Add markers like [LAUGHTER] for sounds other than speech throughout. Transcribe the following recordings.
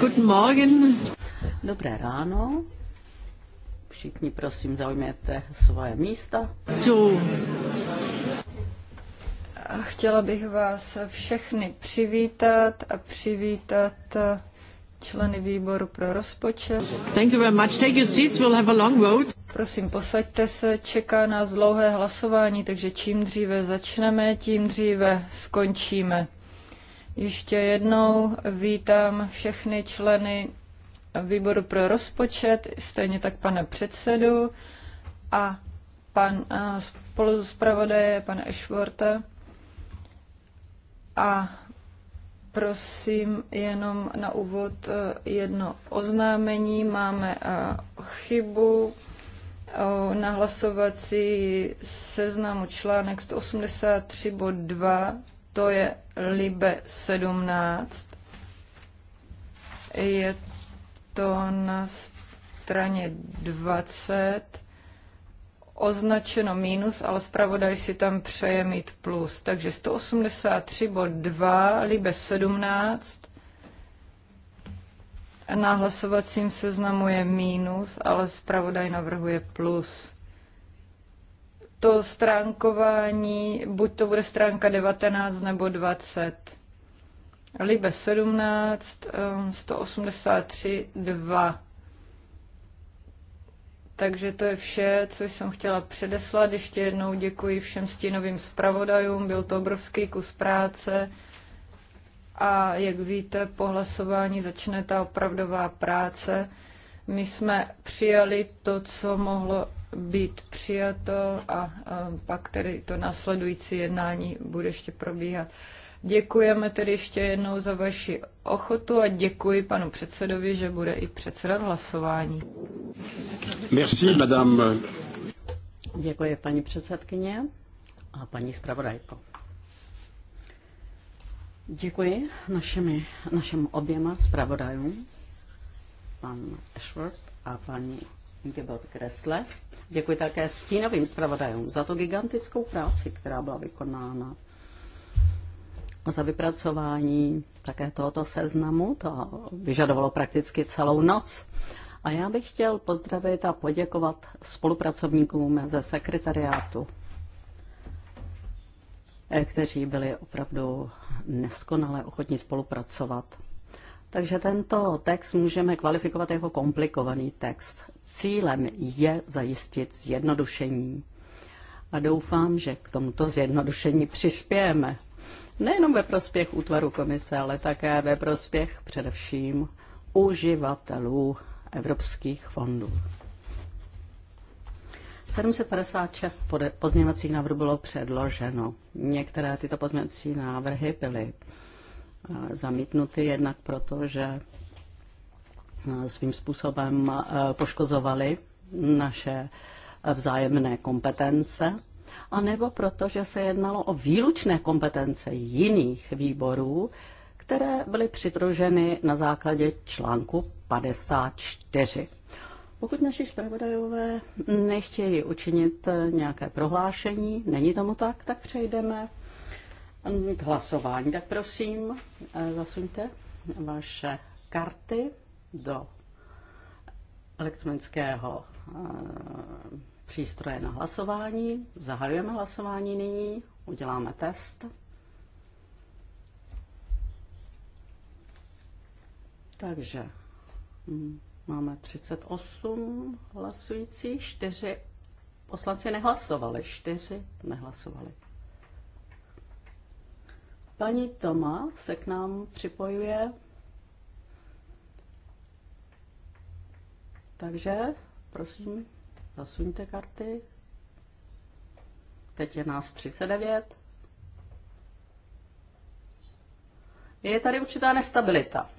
Guten Morgen. Dobré ráno. Všichni prosím zaujměte svoje místa. Tu. A chtěla bych vás všechny přivítat a přivítat členy výboru pro rozpočet. Thank you very much. Take your seats. We'll have a long vote. Prosím, posaďte se, čeká nás dlouhé hlasování, takže čím dříve začneme, tím dříve skončíme. Ještě jednou vítám všechny členy výboru pro rozpočet, stejně tak pana předsedu a pan spoluzpravodaje, pana Ešvorta. A prosím jenom na úvod e, jedno oznámení. Máme e, chybu e, na hlasovací seznamu článek 183 bod 2 to je Libe 17. Je to na straně 20 označeno minus, ale zpravodaj si tam přeje mít plus. Takže 183 bod 2, libe 17. Na hlasovacím seznamu je minus, ale zpravodaj navrhuje plus to stránkování, buď to bude stránka 19 nebo 20. Libe 17, 183, 2. Takže to je vše, co jsem chtěla předeslat. Ještě jednou děkuji všem stínovým zpravodajům, byl to obrovský kus práce. A jak víte, po hlasování začne ta opravdová práce. My jsme přijali to, co mohlo být přijato a pak tedy to následující jednání bude ještě probíhat. Děkujeme tedy ještě jednou za vaši ochotu a děkuji panu předsedovi, že bude i předsedat hlasování. Merci, madame. Děkuji, paní předsedkyně a paní zpravodajko. Děkuji našimi, našim oběma zpravodajům, pan Ashworth a paní Kresle. Děkuji také stínovým zpravodajům za to gigantickou práci, která byla vykonána za vypracování také tohoto seznamu. To vyžadovalo prakticky celou noc. A já bych chtěl pozdravit a poděkovat spolupracovníkům ze sekretariátu, eh, kteří byli opravdu neskonale ochotní spolupracovat. Takže tento text můžeme kvalifikovat jako komplikovaný text. Cílem je zajistit zjednodušení. A doufám, že k tomuto zjednodušení přispějeme. Nejenom ve prospěch útvaru komise, ale také ve prospěch především uživatelů evropských fondů. 756 pozměňovacích návrhů bylo předloženo. Některé tyto pozměňovací návrhy byly zamítnuty, jednak proto, že svým způsobem poškozovaly naše vzájemné kompetence, anebo proto, že se jednalo o výlučné kompetence jiných výborů, které byly přitroženy na základě článku 54. Pokud naši zpravodajové nechtějí učinit nějaké prohlášení, není tomu tak, tak přejdeme k hlasování. Tak prosím, eh, zasuňte vaše karty do elektronického eh, přístroje na hlasování. Zahajujeme hlasování nyní, uděláme test. Takže hm, máme 38 hlasujících, 4 poslanci nehlasovali, 4 nehlasovali. Paní Toma se k nám připojuje. Takže, prosím, zasuňte karty. Teď je nás 39. Je tady určitá nestabilita.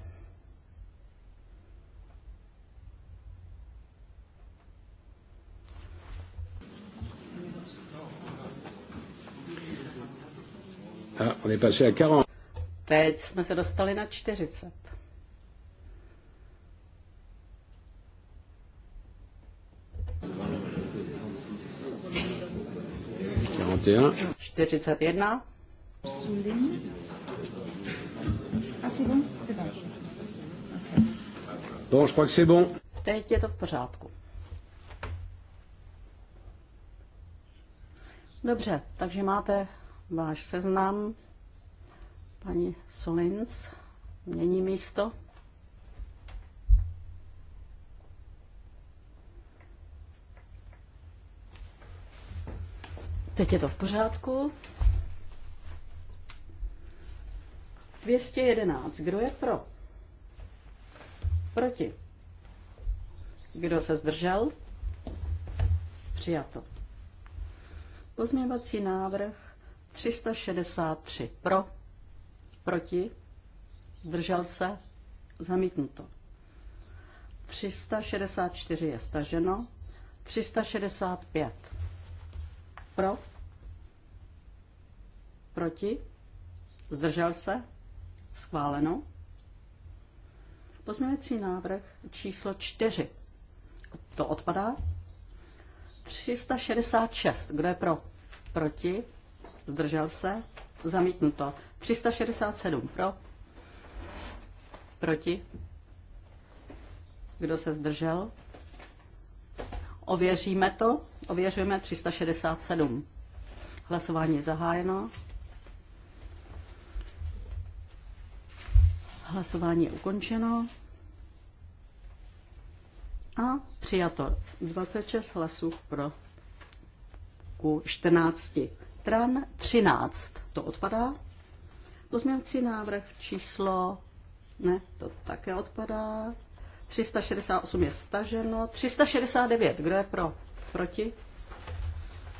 Ah, Teď jsme se dostali na 40. Čtyřicet jedna. bon. Teď je to v pořádku. Dobře, takže máte váš seznam. Paní Solins mění místo. Teď je to v pořádku. 211. Kdo je pro? Proti. Kdo se zdržel? Přijato. Pozměňovací návrh 363 pro, proti, zdržel se, zamítnuto. 364 je staženo, 365 pro, proti, zdržel se, schváleno. Pozměňující návrh číslo 4. To odpadá. 366. Kdo je pro? Proti? zdržel se, zamítnuto. 367 pro, proti, kdo se zdržel. Ověříme to, ověřujeme 367. Hlasování je zahájeno. Hlasování je ukončeno. A přijato 26 hlasů pro ku 14 stran 13, to odpadá. Pozměňovací návrh číslo, ne, to také odpadá. 368 je staženo. 369, kdo je pro? Proti?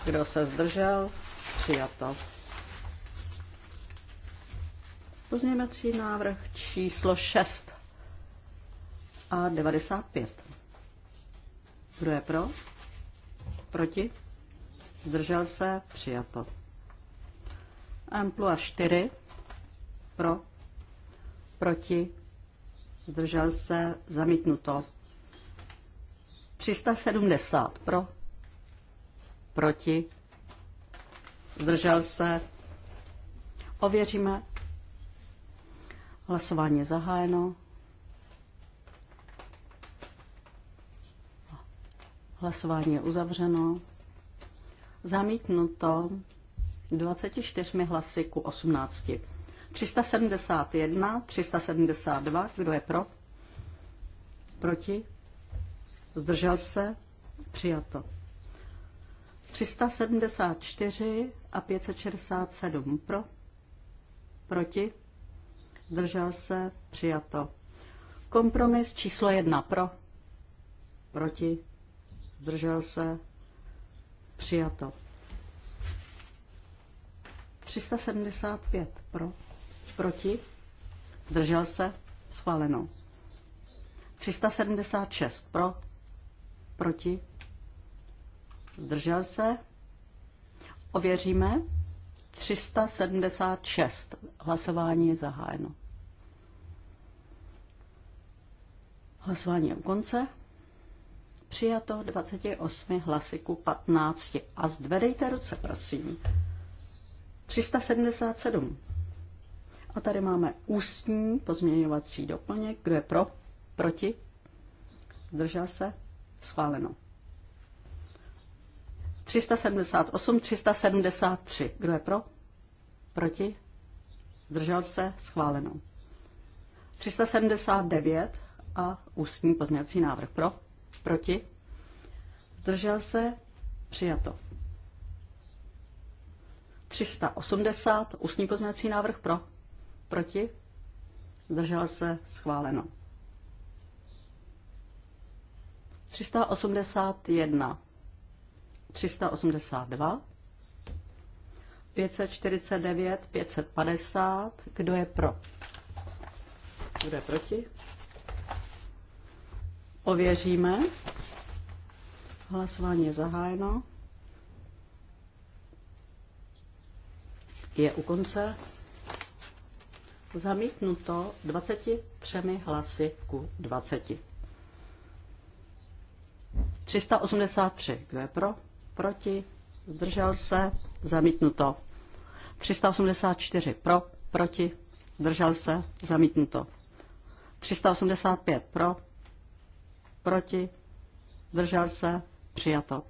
Kdo se zdržel? Přijato. Pozměňovací návrh číslo 6 a 95. Kdo je pro? Proti? Zdržel se? Přijato. Amplua 4 pro, proti, zdržel se, zamítnuto. 370 pro, proti, zdržel se. Ověříme. Hlasování je zahájeno. Hlasování je uzavřeno. Zamítnuto 24 hlasy ku 18. 371, 372, kdo je pro? Proti? Zdržel se? Přijato. 374 a 567 pro? Proti? Zdržel se? Přijato. Kompromis číslo 1 pro? Proti? Zdržel se? Přijato. 375 pro, proti, zdržel se, schváleno. 376 pro, proti, zdržel se, ověříme. 376. Hlasování je zahájeno. Hlasování je u konce. Přijato 28 hlasy ku 15. A zvedejte ruce, prosím. 377. A tady máme ústní pozměňovací doplněk. Kdo je pro? Proti? Zdržel se? Schváleno. 378, 373. Kdo je pro? Proti? Zdržel se? Schváleno. 379 a ústní pozměňovací návrh pro? Proti? Zdržel se? Přijato. 380, ústní pozměňovací návrh pro, proti, zdržel se, schváleno. 381, 382, 549, 550, kdo je pro? Kdo je proti? Ověříme. Hlasování je zahájeno. je u konce zamítnuto 23 hlasy ku 20. 383. Kdo je pro? Proti? Zdržel se? Zamítnuto. 384. Pro? Proti? Zdržel se? Zamítnuto. 385. Pro? Proti? Zdržel se? Přijato.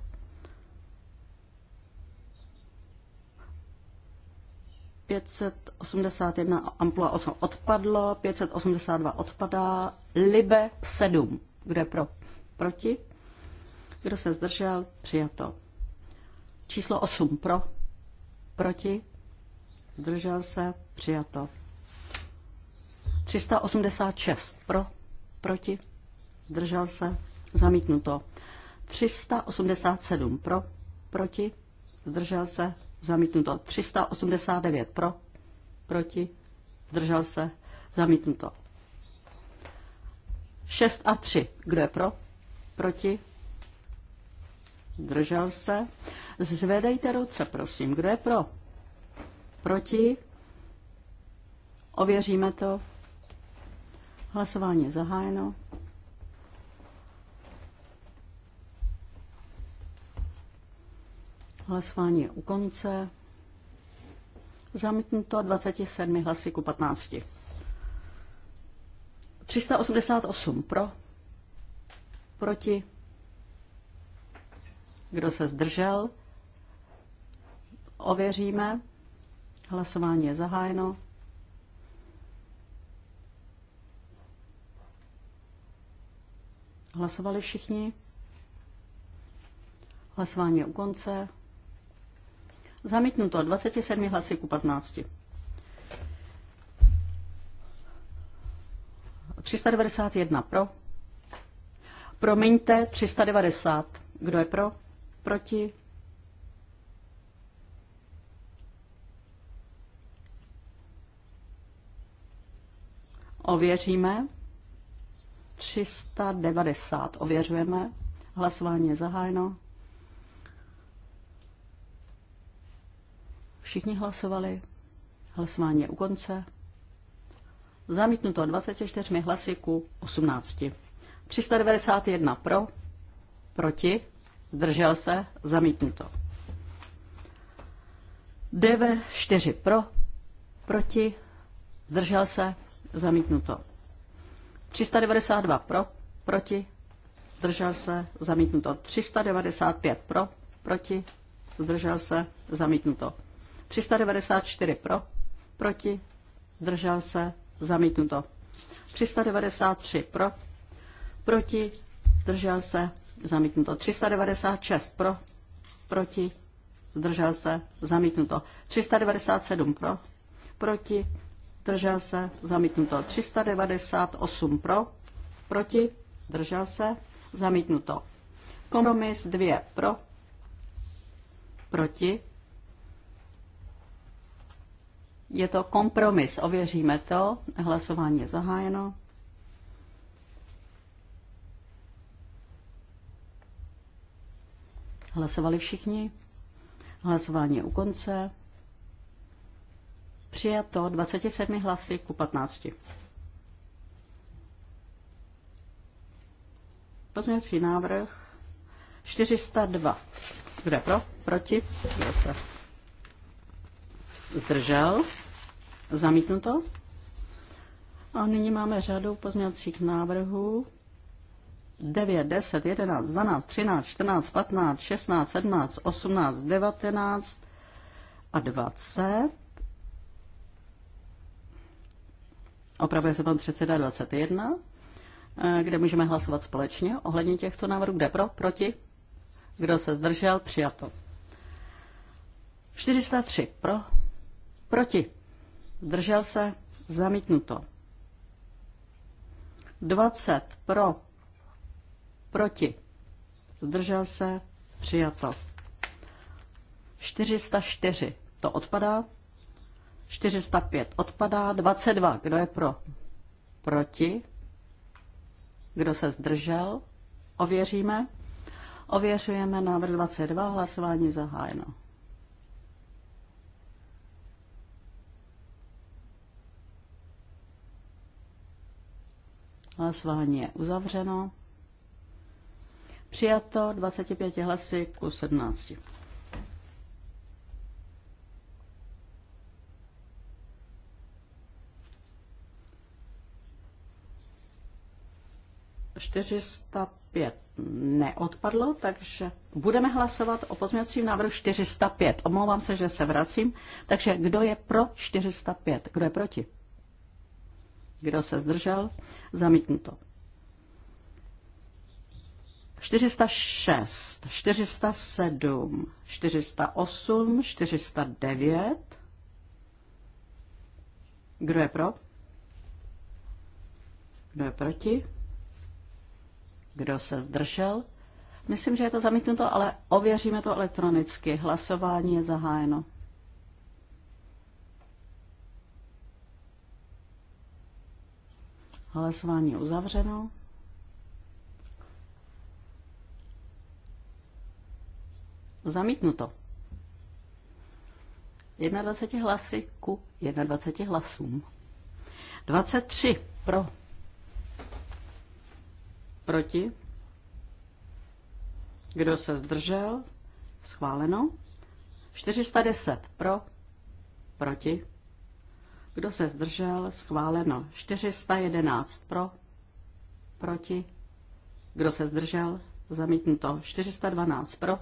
581 ampula odpadlo, 582 odpadá, Libe 7. Kdo je pro? Proti? Kdo se zdržel? Přijato. Číslo 8 pro? Proti? Zdržel se? Přijato. 386 pro? Proti? Zdržel se? Zamítnuto. 387 pro? Proti? Zdržel se? zamítnuto 389 pro, proti, zdržel se, zamítnuto 6 a 3, kdo je pro, proti, zdržel se, zvedejte ruce, prosím, kdo je pro, proti, ověříme to, hlasování je zahájeno. Hlasování je u konce. Zamítnuto 27 hlasy ku 15. 388 pro, proti, kdo se zdržel, ověříme. Hlasování je zahájeno. Hlasovali všichni. Hlasování je u konce. Zamítnuto 27 hlasy ku 15. 391 pro. Promiňte, 390. Kdo je pro? Proti? Ověříme. 390. Ověřujeme. Hlasování je zahájeno. Všichni hlasovali. Hlasování je u konce. Zamítnuto 24 hlasy ku 18. 391 pro, proti, zdržel se, zamítnuto. DV 4 pro, proti, zdržel se, zamítnuto. 392 pro, proti, zdržel se, zamítnuto. 395 pro, proti, zdržel se, zamítnuto. 394 pro, proti, zdržel se, zamítnuto. 393 pro, proti, zdržel se, zamítnuto. 396 pro, proti, zdržel se, zamítnuto. 397 pro, proti, zdržel se, zamítnuto. 398 pro, proti, zdržel se, zamítnuto. Kompromis 2 pro, proti, je to kompromis, ověříme to. Hlasování je zahájeno. Hlasovali všichni? Hlasování je u konce. Přijato 27 hlasy ku 15. Pozměňující návrh 402. Kdo pro? Proti? Kdo se zdržel? Zamítnuto. A nyní máme řadu pozměňovacích návrhů. 9, 10, 11, 12, 13, 14, 15, 16, 17, 18, 19 a 20. Opravuje se pan předseda 21, kde můžeme hlasovat společně ohledně těchto návrhů. Kde pro, proti? Kdo se zdržel? Přijato. 403 pro, proti zdržel se, zamítnuto. 20 pro, proti, zdržel se, přijato. 404, to odpadá. 405 odpadá. 22, kdo je pro? Proti. Kdo se zdržel? Ověříme. Ověřujeme návrh 22, hlasování zahájeno. Hlasování je uzavřeno. Přijato 25 hlasy ku 17. Čtyřista pět neodpadlo, takže budeme hlasovat o pozměňovacím návrhu 405. Omlouvám se, že se vracím. Takže kdo je pro 405? Kdo je proti? Kdo se zdržel? Zamítnuto. 406, 407, 408, 409. Kdo je pro? Kdo je proti? Kdo se zdržel? Myslím, že je to zamítnuto, ale ověříme to elektronicky. Hlasování je zahájeno. Hlasování uzavřeno. Zamítnuto. 21 hlasy ku 21 hlasům. 23 pro. Proti. Kdo se zdržel? Schváleno. 410 pro. Proti. Kdo se zdržel? Schváleno. 411 pro. Proti. Kdo se zdržel? Zamítnuto. 412 pro.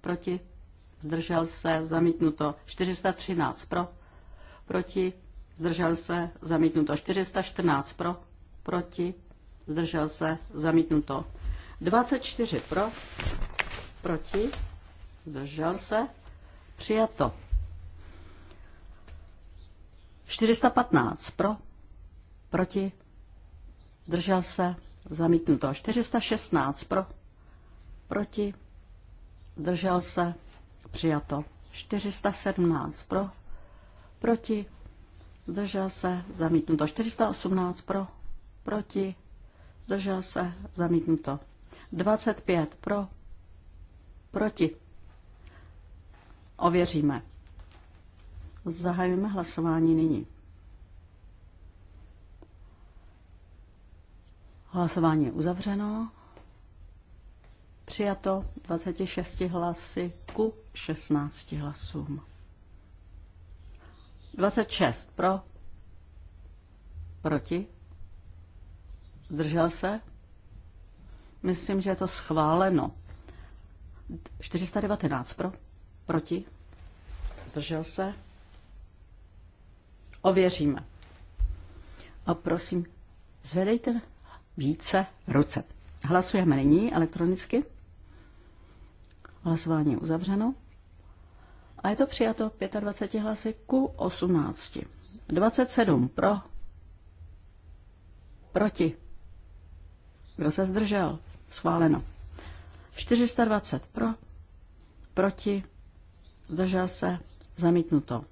Proti. Zdržel se. Zamítnuto. 413 pro. Proti. Zdržel se. Zamítnuto. 414 pro. Proti. Zdržel se. Zamítnuto. 24 pro. Proti. Zdržel se. Přijato. 415 pro, proti, držel se, zamítnuto. 416 pro, proti, držel se, přijato. 417 pro, proti, zdržel se, zamítnuto. 418 pro, proti, zdržel se, zamítnuto. 25 pro, proti. Ověříme. Zahajujeme hlasování nyní. Hlasování je uzavřeno. Přijato 26 hlasy ku 16 hlasům. 26 pro, proti, zdržel se. Myslím, že je to schváleno. 419 pro, proti, zdržel se ověříme. A prosím, zvedejte více ruce. Hlasujeme nyní elektronicky. Hlasování je uzavřeno. A je to přijato 25 hlasy ku 18. 27 pro. Proti. Kdo se zdržel? Schváleno. 420 pro. Proti. Zdržel se. Zamítnuto.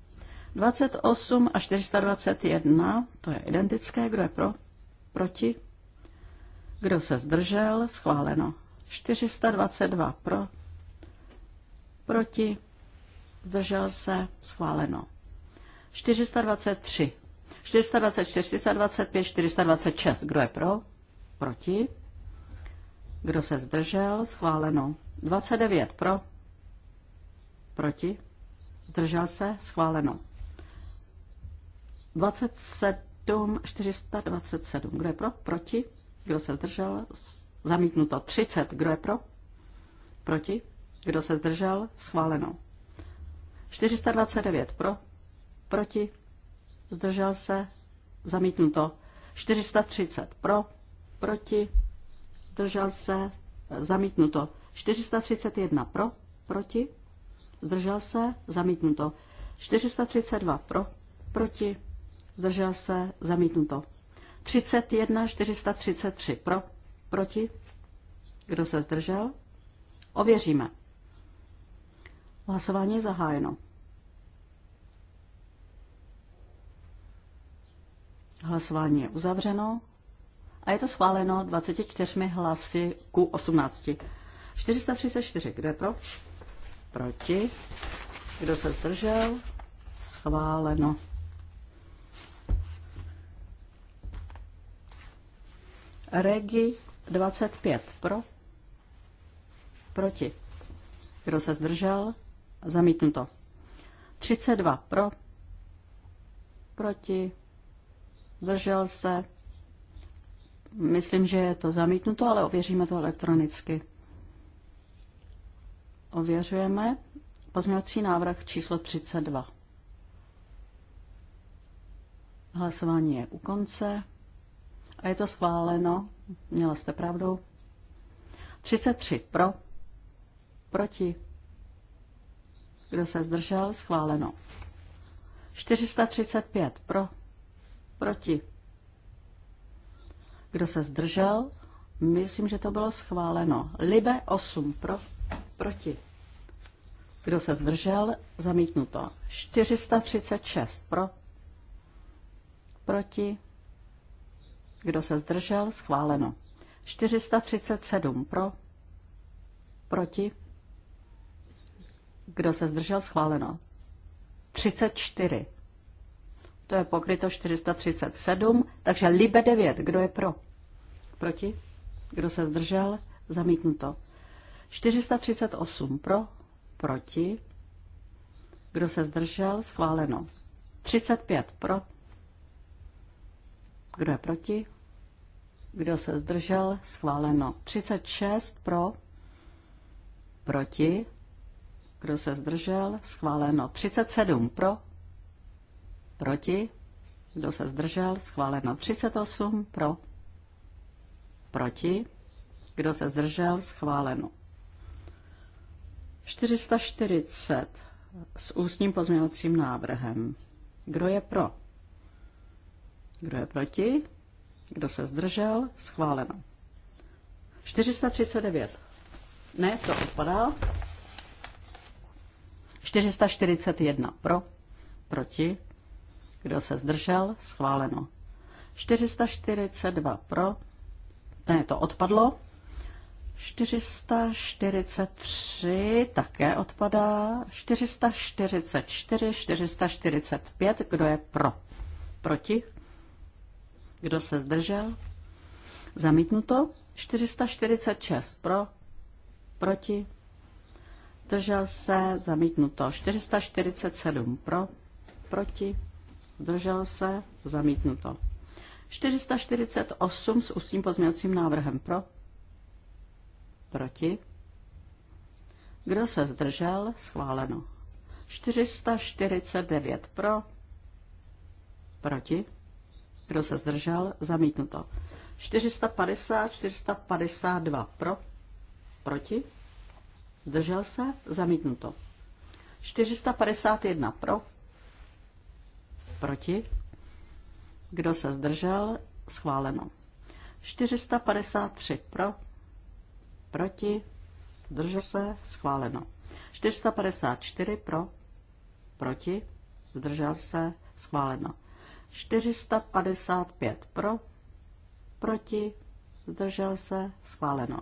28 a 421, to je identické, kdo je pro, proti, kdo se zdržel, schváleno. 422 pro, proti, zdržel se, schváleno. 423, 424, 425, 426, kdo je pro, proti, kdo se zdržel, schváleno. 29 pro, proti, zdržel se, schváleno. 27, 427. Kdo je pro? Proti? Kdo se zdržel? Zamítnuto. 30. Kdo je pro? Proti? Kdo se zdržel? Schváleno. 429 pro, proti, zdržel se, zamítnuto. 430 pro, proti, zdržel se, zamítnuto. 431 pro, proti, zdržel se, zamítnuto. 432 pro, proti, zdržel se, zamítnuto. 31 433 pro, proti, kdo se zdržel, ověříme. Hlasování je zahájeno. Hlasování je uzavřeno a je to schváleno 24 hlasy q 18. 434, kdo je pro? Proti. Kdo se zdržel? Schváleno. Regi 25 pro, proti. Kdo se zdržel? Zamítnuto. 32 pro, proti, zdržel se. Myslím, že je to zamítnuto, ale ověříme to elektronicky. Ověřujeme pozměňovací návrh číslo 32. Hlasování je u konce. A je to schváleno. Měla jste pravdu. 33 pro. Proti. Kdo se zdržel? Schváleno. 435 pro. Proti. Kdo se zdržel? Myslím, že to bylo schváleno. Libe 8 pro. Proti. Kdo se zdržel? Zamítnuto. 436 pro. Proti. Kdo se zdržel? Schváleno. 437 pro. Proti. Kdo se zdržel? Schváleno. 34. To je pokryto 437, takže Libe 9. Kdo je pro? Proti? Kdo se zdržel? Zamítnuto. 438 pro, proti. Kdo se zdržel? Schváleno. 35 pro, kdo je proti? Kdo se zdržel? Schváleno. 36 pro, proti. Kdo se zdržel? Schváleno. 37 pro, proti. Kdo se zdržel? Schváleno. 38 pro, proti. Kdo se zdržel? Schváleno. 440 s ústním pozměňovacím návrhem. Kdo je pro? Kdo je proti? Kdo se zdržel? Schváleno. 439. Ne, to odpadá. 441 pro, proti. Kdo se zdržel? Schváleno. 442 pro. Ne, to odpadlo. 443 také odpadá. 444, 445, kdo je pro? Proti? Kdo se zdržel? Zamítnuto. 446 pro, proti. Zdržel se, zamítnuto. 447 pro, proti. Zdržel se, zamítnuto. 448 s ústním pozměňovacím návrhem pro, proti. Kdo se zdržel? Schváleno. 449 pro, proti. Kdo se zdržel? Zamítnuto. 450, 452 pro, proti, zdržel se, zamítnuto. 451 pro, proti, kdo se zdržel, schváleno. 453 pro, proti, zdržel se, schváleno. 454 pro, proti, zdržel se, schváleno. 455 pro, proti, zdržel se, schváleno.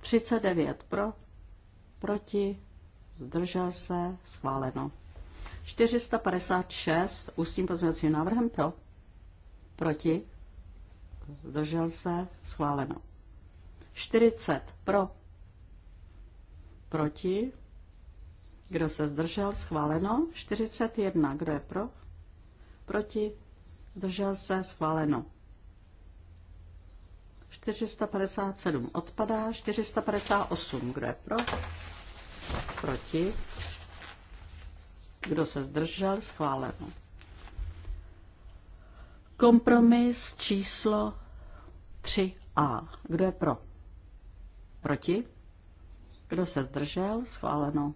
39 pro, proti, zdržel se, schváleno. 456 ústním pozměňovacím návrhem pro, proti, zdržel se, schváleno. 40 pro, proti, kdo se zdržel, schváleno. 41, kdo je pro, proti, zdržel se, schváleno. 457 odpadá, 458, kdo je pro, proti, kdo se zdržel, schváleno. Kompromis číslo 3a. Kdo je pro? Proti? Kdo se zdržel? Schváleno.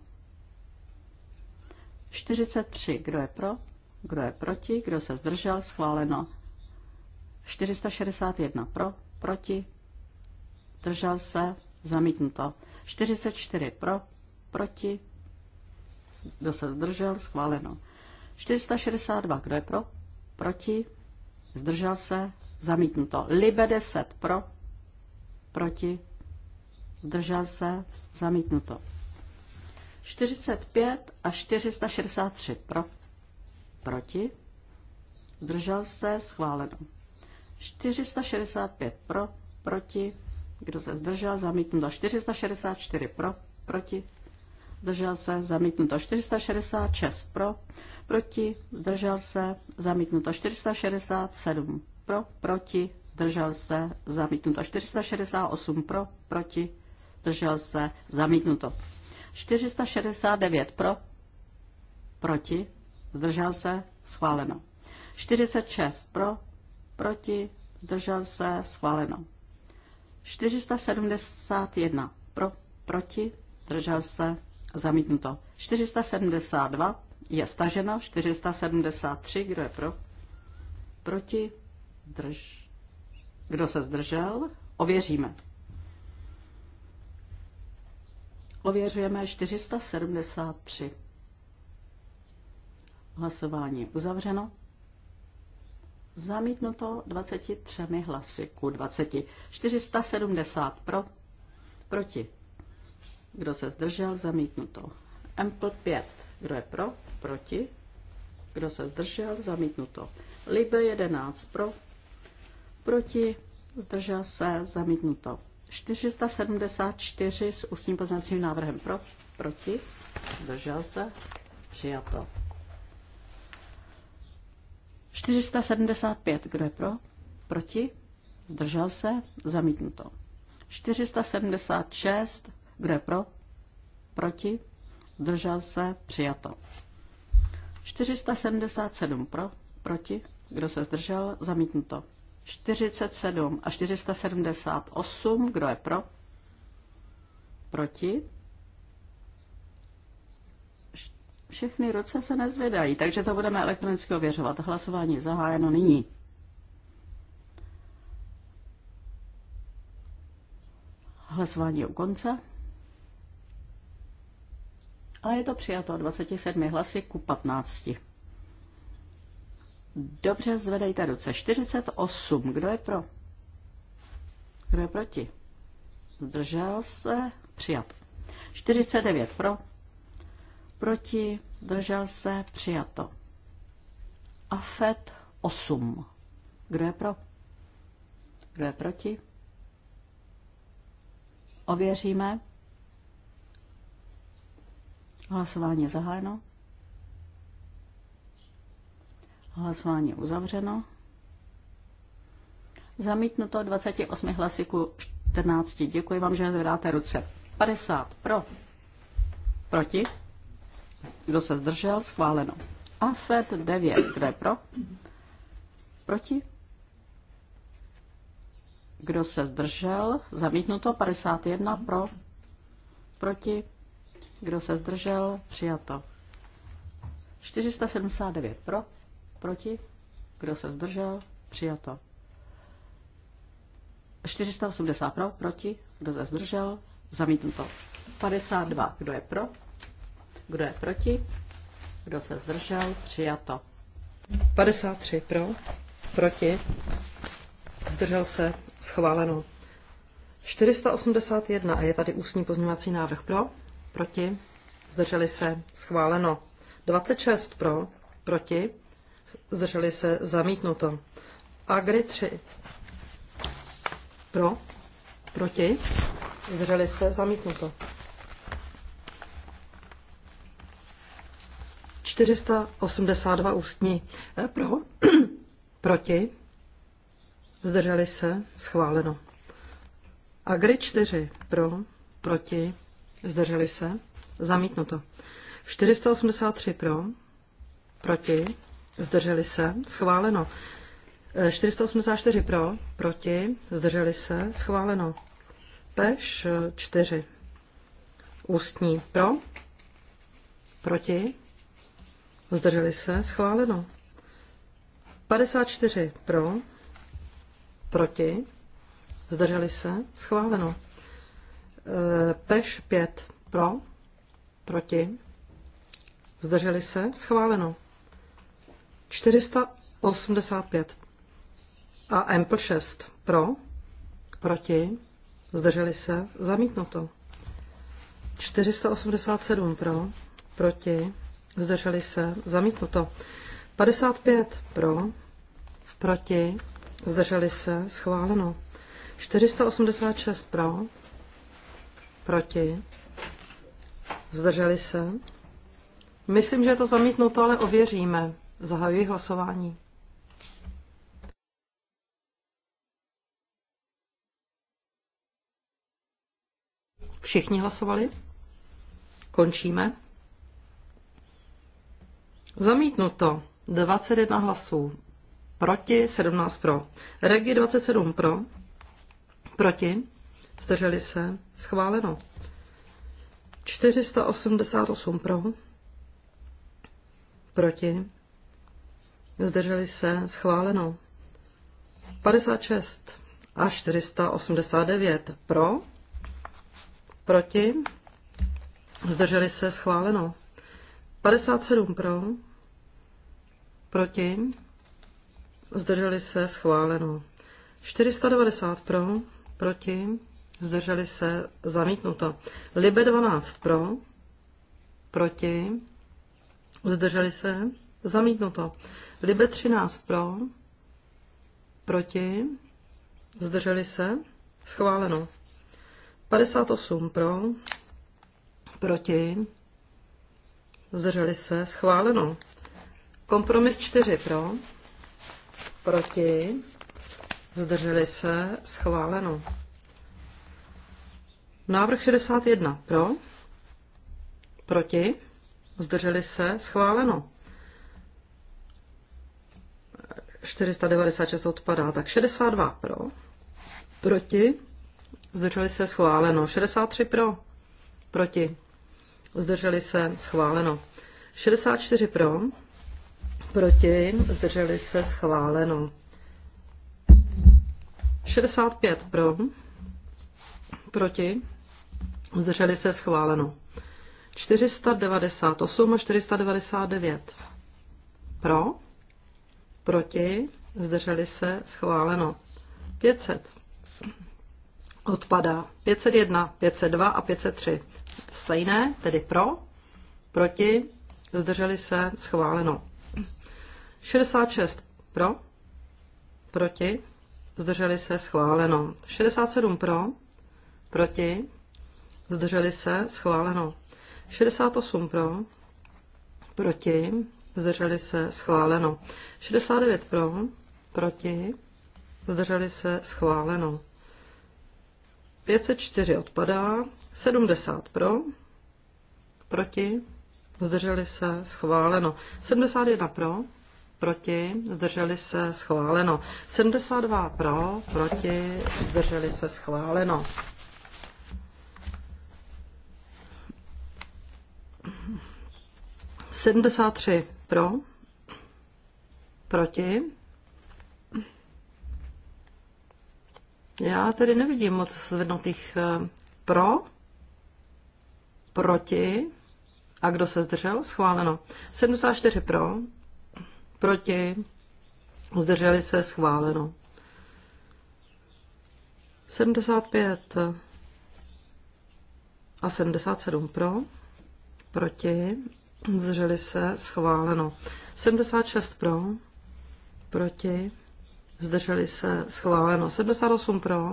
43. Kdo je pro? Kdo je proti? Kdo se zdržel? Schváleno. 461 pro, proti, zdržel se, zamítnuto. 44 pro, proti, kdo se zdržel, schváleno. 462, kdo je pro, proti, zdržel se, zamítnuto. Libe 10 pro, proti, zdržel se, zamítnuto. 45 a 463 pro, proti, zdržel se, schváleno. 465 pro, proti, kdo se zdržel, zamítnuto 464 pro, proti, zdržel se, zamítnuto 466 pro, proti, zdržel se, zamítnuto 467 pro, proti, zdržel se, zamítnuto 468 pro, proti, zdržel se, zamítnuto 469 pro, proti, zdržel se, schváleno. 46 pro, proti, zdržel se, schváleno. 471 pro, proti, zdržel se, zamítnuto. 472 je staženo, 473, kdo je pro, proti, drž. Kdo se zdržel, ověříme. Ověřujeme 473. Hlasování je uzavřeno. Zamítnuto 23 hlasy ku 20. 470 pro, proti. Kdo se zdržel, zamítnuto. Ample 5. Kdo je pro, proti. Kdo se zdržel, zamítnuto. Libe 11 pro, proti. Zdržel se, zamítnuto. 474 s ústním poznacím návrhem pro, proti. Zdržel se, přijato. 475. Kdo je pro? Proti? Zdržel se? Zamítnuto. 476. Kdo je pro? Proti? Zdržel se? Přijato. 477 pro, proti, kdo se zdržel, zamítnuto. 47 a 478, kdo je pro, proti, Všechny ruce se nezvedají, takže to budeme elektronicky ověřovat. Hlasování je zahájeno nyní. Hlasování je u konce. A je to přijato 27 hlasy ku 15. Dobře, zvedejte ruce. 48. Kdo je pro? Kdo je proti? Zdržel se? Přijat. 49 pro proti, zdržel se, přijato. AFET 8. Kdo je pro? Kdo je proti? Ověříme. Hlasování je zahájeno. Hlasování je uzavřeno. Zamítnuto 28 hlasy ku 14. Děkuji vám, že zvedáte ruce. 50 pro. Proti. Kdo se zdržel? Schváleno. AFET 9. Kdo je pro? Proti? Kdo se zdržel? Zamítnuto 51 pro. Proti? Kdo se zdržel? Přijato. 479 pro. Proti? Kdo se zdržel? Přijato. 480 pro. Proti? Kdo se zdržel? Zamítnuto. 52. Kdo je pro? Kdo je proti? Kdo se zdržel? Přijato. 53 pro, proti, zdržel se, schváleno. 481 a je tady ústní pozměňovací návrh pro, proti, zdrželi se, schváleno. 26 pro, proti, zdrželi se, zamítnuto. Agri 3 pro, proti, zdrželi se, zamítnuto. 482 ústní e, [CLEARS THROAT] pro, proti, zdrželi se, schváleno. Agri 4 pro, proti, zdrželi se, zamítnuto. 483 pro, proti, zdrželi se, schváleno. 484 pro, proti, zdrželi se, schváleno. Peš 4. E, ústní pro, proti, Zdrželi se? Schváleno. 54 pro, proti, zdrželi se, schváleno. Eh, Peš 5 pro, proti, zdrželi se, schváleno. 485 a Ample 6 pro, proti, zdrželi se, zamítnuto. 487 pro, proti, zdrželi se, zamítnuto. 55 pro, proti, zdrželi se, schváleno. 486 pro, proti, zdrželi se. Myslím, že je to zamítnuto, ale ověříme. Zahajuji hlasování. Všichni hlasovali? Končíme. Zamítnuto 21 hlasů proti, 17 pro. Regi 27 pro, proti, zdrželi se, schváleno. 488 pro, proti, zdrželi se, schváleno. 56 a 489 pro, proti, zdrželi se, schváleno. 57 pro, Proti? Zdrželi se schváleno. 490 pro, proti, zdrželi se zamítnuto. Libe 12 pro, proti, zdrželi se zamítnuto. Libe 13 pro, proti, zdrželi se schváleno. 58 pro, proti, zdrželi se schváleno. Kompromis 4 pro, proti, zdrželi se, schváleno. Návrh 61 pro, proti, zdrželi se, schváleno. 496 odpadá, tak 62 pro, proti, zdrželi se, schváleno. 63 pro, proti, zdrželi se, schváleno. 64 pro, proti, zdrželi se, schváleno. 65 pro, proti, zdrželi se, schváleno. 498 a 499 pro, proti, zdrželi se, schváleno. 500 odpadá. 501, 502 a 503 stejné, tedy pro, proti, zdrželi se, schváleno. 66 pro, proti, zdrželi se schváleno. 67 pro, proti, zdrželi se schváleno. 68 pro, proti, zdrželi se schváleno. 69 pro, proti, zdrželi se schváleno. 504 odpadá, 70 pro, proti, zdrželi se, schváleno. 71 pro, proti, zdrželi se, schváleno. 72 pro, proti, zdrželi se, schváleno. Sedmdesát tři pro, proti. Já tedy nevidím moc zvednutých eh, pro, proti. A kdo se zdržel? Schváleno. 74 pro, proti, zdrželi se, schváleno. 75 a 77 pro, proti, zdrželi se, schváleno. 76 pro, proti, zdrželi se, schváleno. 78 pro,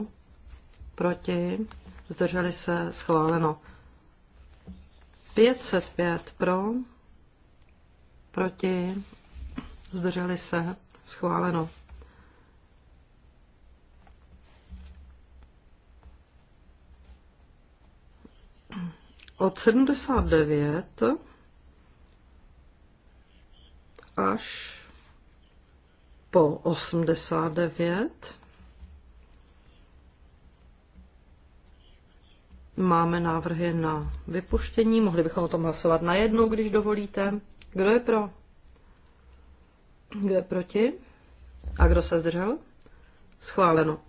proti, zdrželi se, schváleno. 505 pro, proti, zdrželi se, schváleno. Od 79 až po 89 Máme návrhy na vypuštění, mohli bychom o tom hlasovat jednu, když dovolíte. Kdo je pro? Kdo je proti? A kdo se zdržel? Schváleno.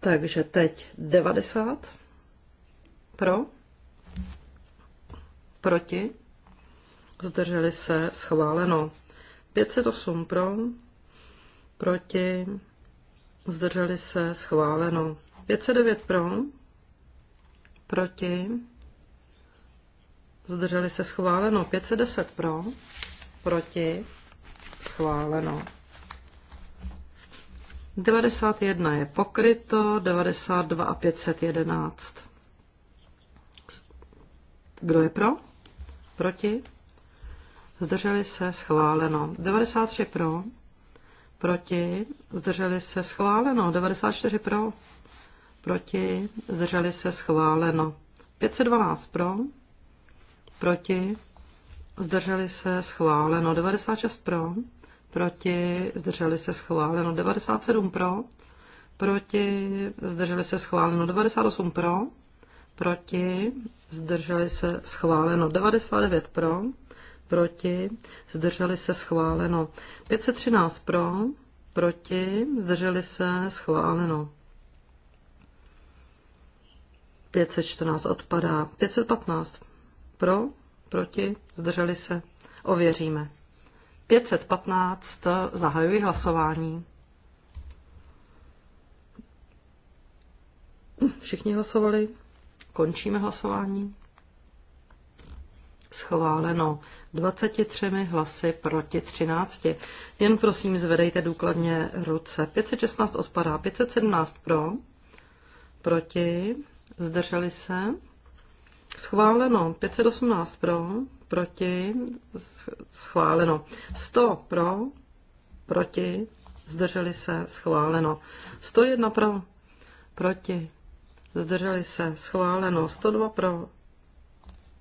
Takže teď 90 pro, proti, zdrželi se schváleno. 508 pro, proti, zdrželi se, schváleno. 509 pro, proti, zdrželi se, schváleno. 510 pro, proti, schváleno. 91 je pokryto, 92 a 511. Kdo je pro? Proti? Zdrželi se, schváleno. 93 pro, proti, zdrželi se schváleno. 94 pro, proti, zdrželi se schváleno. 512 pro, proti, zdrželi se schváleno. 96 pro, proti, zdrželi se schváleno. 97 pro, proti, zdrželi se schváleno. 98 pro, proti, zdrželi se schváleno. 99 pro, proti, zdrželi se schváleno. 513 pro, proti, zdrželi se schváleno. 514 odpadá. 515 pro, proti, zdrželi se. Ověříme. 515 zahajuji hlasování. Všichni hlasovali. Končíme hlasování. Schváleno. 23 hlasy proti 13. Jen prosím zvedejte důkladně ruce. 516 odpadá, 517 pro, proti, zdrželi se. Schváleno, 518 pro, proti, schváleno. 100 pro, proti, zdrželi se, schváleno. 101 pro, proti, zdrželi se, schváleno. 102 pro,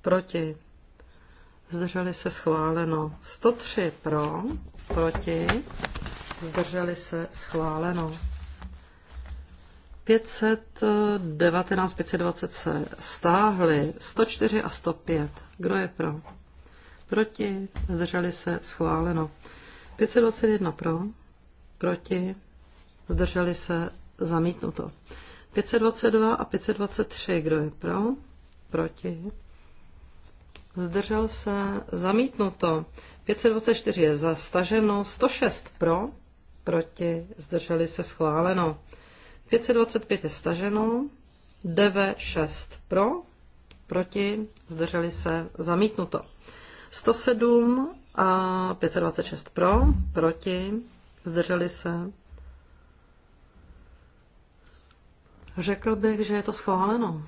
proti, zdrželi se schváleno. 103 pro, proti, zdrželi se schváleno. 519, 520 se stáhly, 104 a 105. Kdo je pro? Proti, zdrželi se schváleno. 521 pro, proti, zdrželi se zamítnuto. 522 a 523, kdo je pro? Proti, zdržel se, zamítnuto. 524 je zastaženo, 106 pro, proti, zdrželi se, schváleno. 525 je staženo, 9,6 pro, proti, zdrželi se, zamítnuto. 107 a 526 pro, proti, zdrželi se. Řekl bych, že je to schváleno.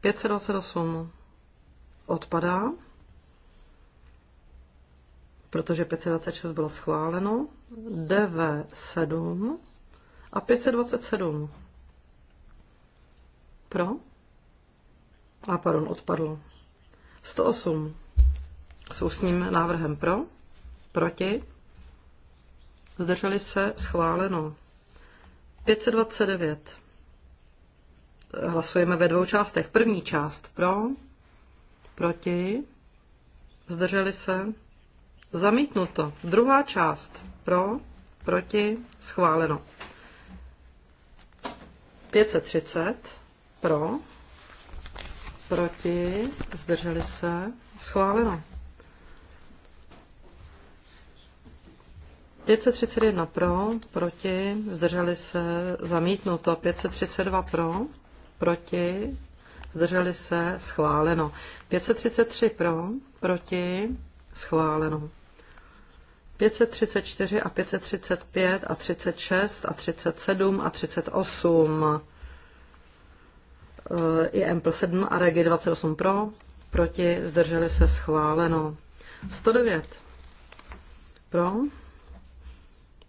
528 odpadá, protože 526 bylo schváleno, DV7 a 527 pro, a pardon, odpadlo, 108 Jsou s ním návrhem pro, proti, zdrželi se, schváleno, 529 hlasujeme ve dvou částech. První část pro, Proti? Zdrželi se? Zamítnuto. Druhá část. Pro? Proti? Schváleno. 530. Pro? Proti? Zdrželi se? Schváleno. 531 pro, proti, zdrželi se, zamítnuto. 532 pro, proti, zdrželi se, schváleno. 533 pro, proti, schváleno. 534 a 535 a 36 a 37 a 38 eh, i M 7 a Regi 28 pro, proti, zdrželi se, schváleno. 109 pro,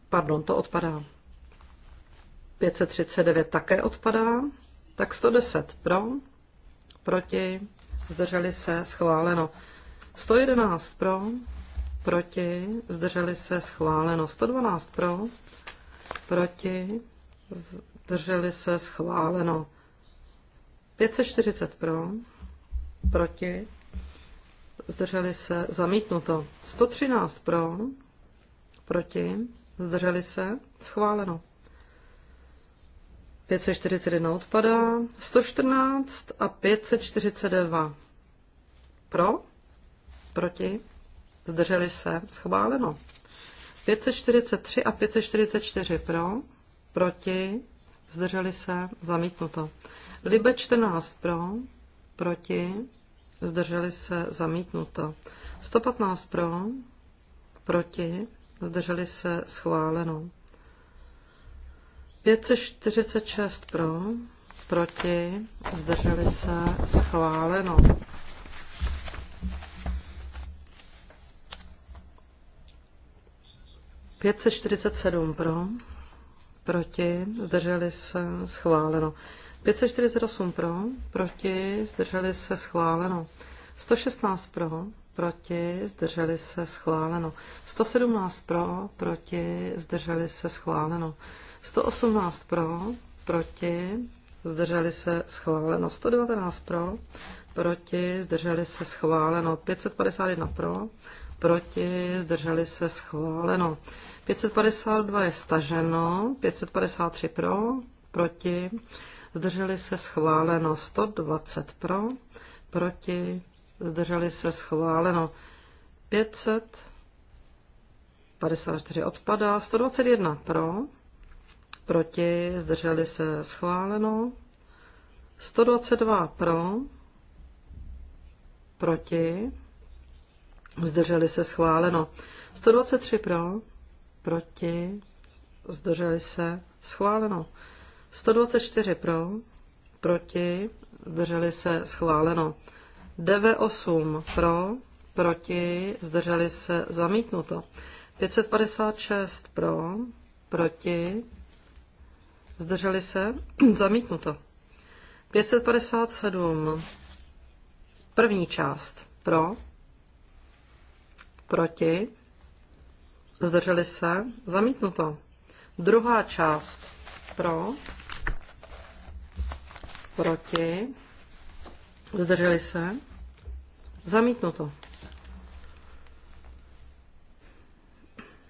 pardon, to odpadá. 539 také odpadá, tak 110 pro, proti, zdrželi se, schváleno. 111 pro, proti, zdrželi se, schváleno. 112 pro, proti, zdrželi se, schváleno. 540 pro, proti, zdrželi se, zamítnuto. 113 pro, proti, zdrželi se, schváleno. 541 odpadá. 114 a 542. Pro? Proti? Zdrželi se? Schváleno. 543 a 544 pro? Proti? Zdrželi se? Zamítnuto. Libe 14 pro? Proti? Zdrželi se? Zamítnuto. 115 pro? Proti? Zdrželi se? Schváleno. 546 pro, proti, zdrželi se, schváleno. Pětset čtyřicet sedm pro, proti, zdrželi se, schváleno. 548 pro, proti, zdrželi se, schváleno. 116 pro, proti, zdrželi se, schváleno. 117 pro, proti, zdrželi se, schváleno. 118 pro, proti, zdrželi se schváleno 119 pro, proti, zdrželi se schváleno 551 pro, proti, zdrželi se schváleno 552 je staženo, 553 pro, proti, zdrželi se schváleno 120 pro, proti, zdrželi se schváleno 554 odpadá, 121 pro, proti, zdrželi se schváleno. 122 pro, proti, zdrželi se schváleno. 123 pro, proti, zdrželi se schváleno. 124 pro, proti, zdrželi se schváleno. 9,8 pro, proti, zdrželi se zamítnuto. 556 pro, proti, Zdrželi se? [CLEARS THROAT] Zamítnuto. 557. První část. Pro. Proti. Zdrželi se? Zamítnuto. Druhá část. Pro. Proti. Zdrželi se? Zamítnuto.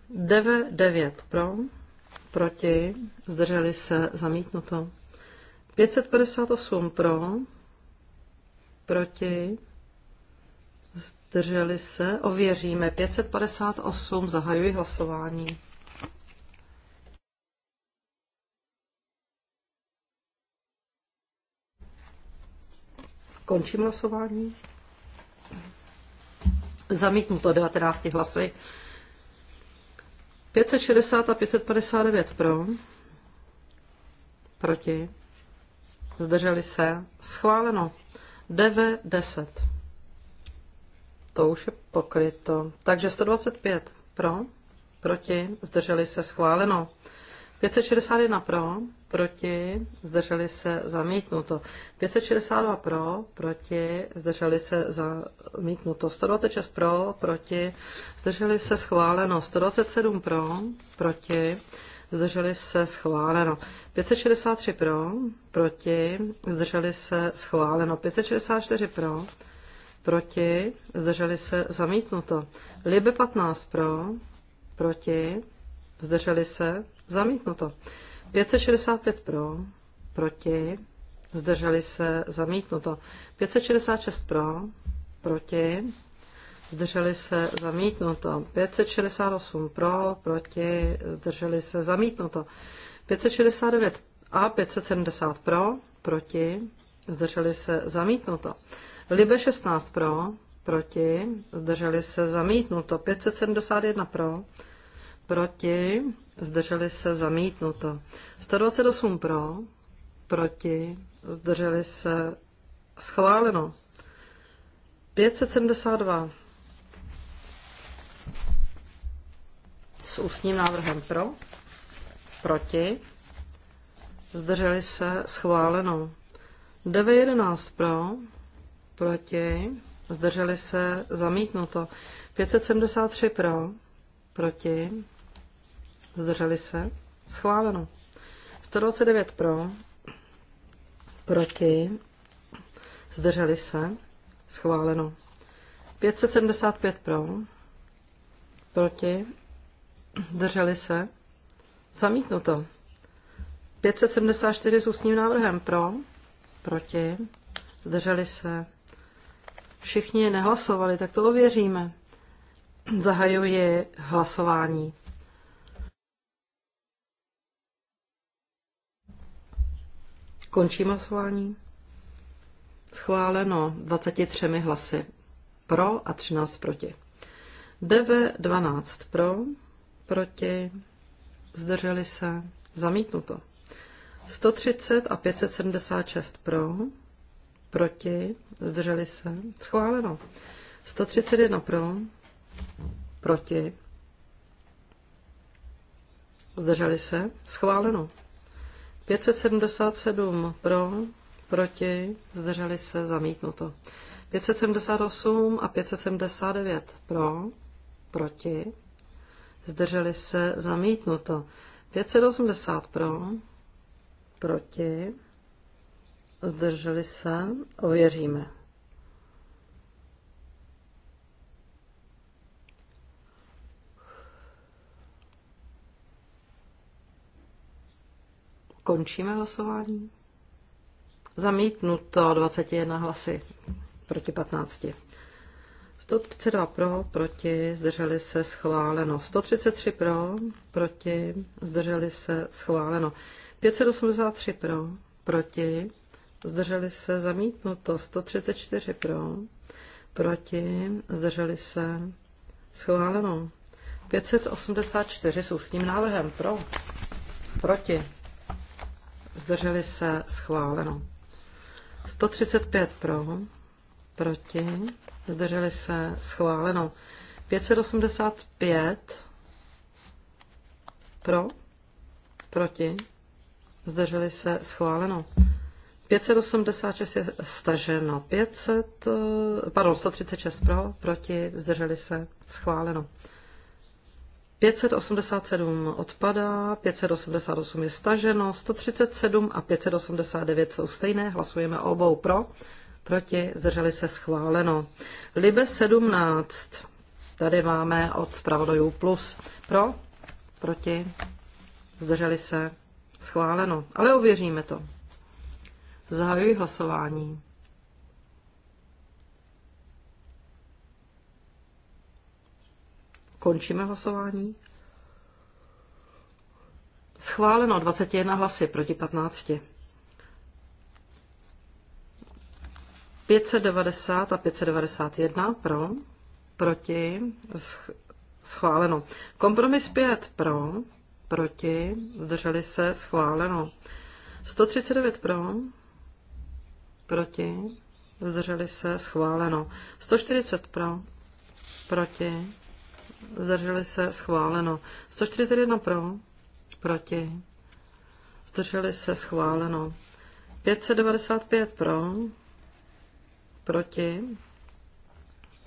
9, 9 pro proti, zdrželi se, zamítnuto. 558 pro, proti, zdrželi se, ověříme. 558, zahajuji hlasování. Končím hlasování. Zamítnuto 19 hlasy 560 a 559 pro, proti, zdrželi se, schváleno. DV 10. To už je pokryto. Takže 125 pro, proti, zdrželi se, schváleno. 561 pro, proti, zdrželi se zamítnuto. 562 pro, proti, zdrželi se zamítnuto. 126 pro, proti, zdrželi se schváleno. 127 pro, proti, zdrželi se schváleno. 563 pro, proti, zdrželi se schváleno. 564 pro, proti, zdrželi se zamítnuto. Libe 15 pro, proti, zdrželi se Zamítnuto. 565 pro, proti, zdrželi se, zamítnuto. 566 pro, proti, zdrželi se, zamítnuto. 568 pro, proti, zdrželi se, zamítnuto. 569 a 570 pro, proti, zdrželi se, zamítnuto. Libe 16 pro, proti, zdrželi se, zamítnuto. 571 pro, proti, zdrželi se zamítnuto. 128 pro, proti, zdrželi se schváleno. 572 s ústním návrhem pro, proti, zdrželi se schváleno. 911 pro, proti, zdrželi se zamítnuto. 573 pro, proti, zdrželi se, schváleno. 129 pro, proti, zdrželi se, schváleno. 575 pro, proti, zdrželi se, zamítnuto. 574 s ústním návrhem pro, proti, zdrželi se. Všichni nehlasovali, tak to ověříme. Zahajuji hlasování. Končím hlasování. Schváleno 23 hlasy pro a 13 proti. DV 12 pro, proti, zdrželi se, zamítnuto. 130 a 576 pro, proti, zdrželi se, schváleno. 131 pro, proti, zdrželi se, schváleno. 577 pro, proti, zdrželi se, zamítnuto. 578 a 579 pro, proti, zdrželi se, zamítnuto. 580 pro, proti, zdrželi se, ověříme. Končíme hlasování. Zamítnuto 21 hlasy proti 15. 132 pro, proti, zdrželi se schváleno. 133 pro, proti, zdrželi se schváleno. 583 pro, proti, zdrželi se zamítnuto. 134 pro, proti, zdrželi se schváleno. 584 s ústním návrhem pro, proti, zdrželi se, schváleno. 135 pro, proti, zdrželi se, schváleno. 585 pro, proti, zdrželi se, schváleno. 586 je staženo, 500, eh, pardon, 136 pro, proti, zdrželi se, schváleno. 587 odpadá, 588 je staženo, 137 a 589 jsou stejné, hlasujeme obou pro, proti, zdrželi se schváleno. Libe 17, tady máme od zpravodajů plus, pro, proti, zdrželi se schváleno, ale ověříme to. Zahajuji hlasování. Končíme hlasování. Schváleno 21 hlasy proti 15. 590 a 591 pro, proti, schváleno. Kompromis 5 pro, proti, zdrželi se, schváleno. 139 pro, proti, zdrželi se, schváleno. 140 pro, proti, zdrželi se, schváleno. 141 pro, proti, zdrželi se, schváleno. 595 pro, proti,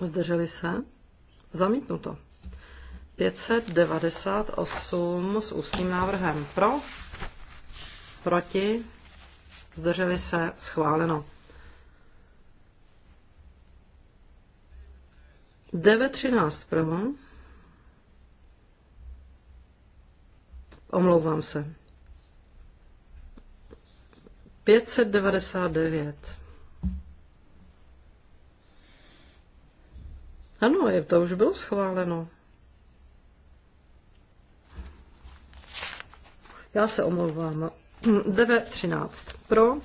zdrželi se, zamítnuto. 598 s ústním návrhem pro, proti, zdrželi se, schváleno. 9.13 pro, Omlouvám se. 599. Ano, je, to už bylo schváleno. Já se omlouvám. 9.13. Pro,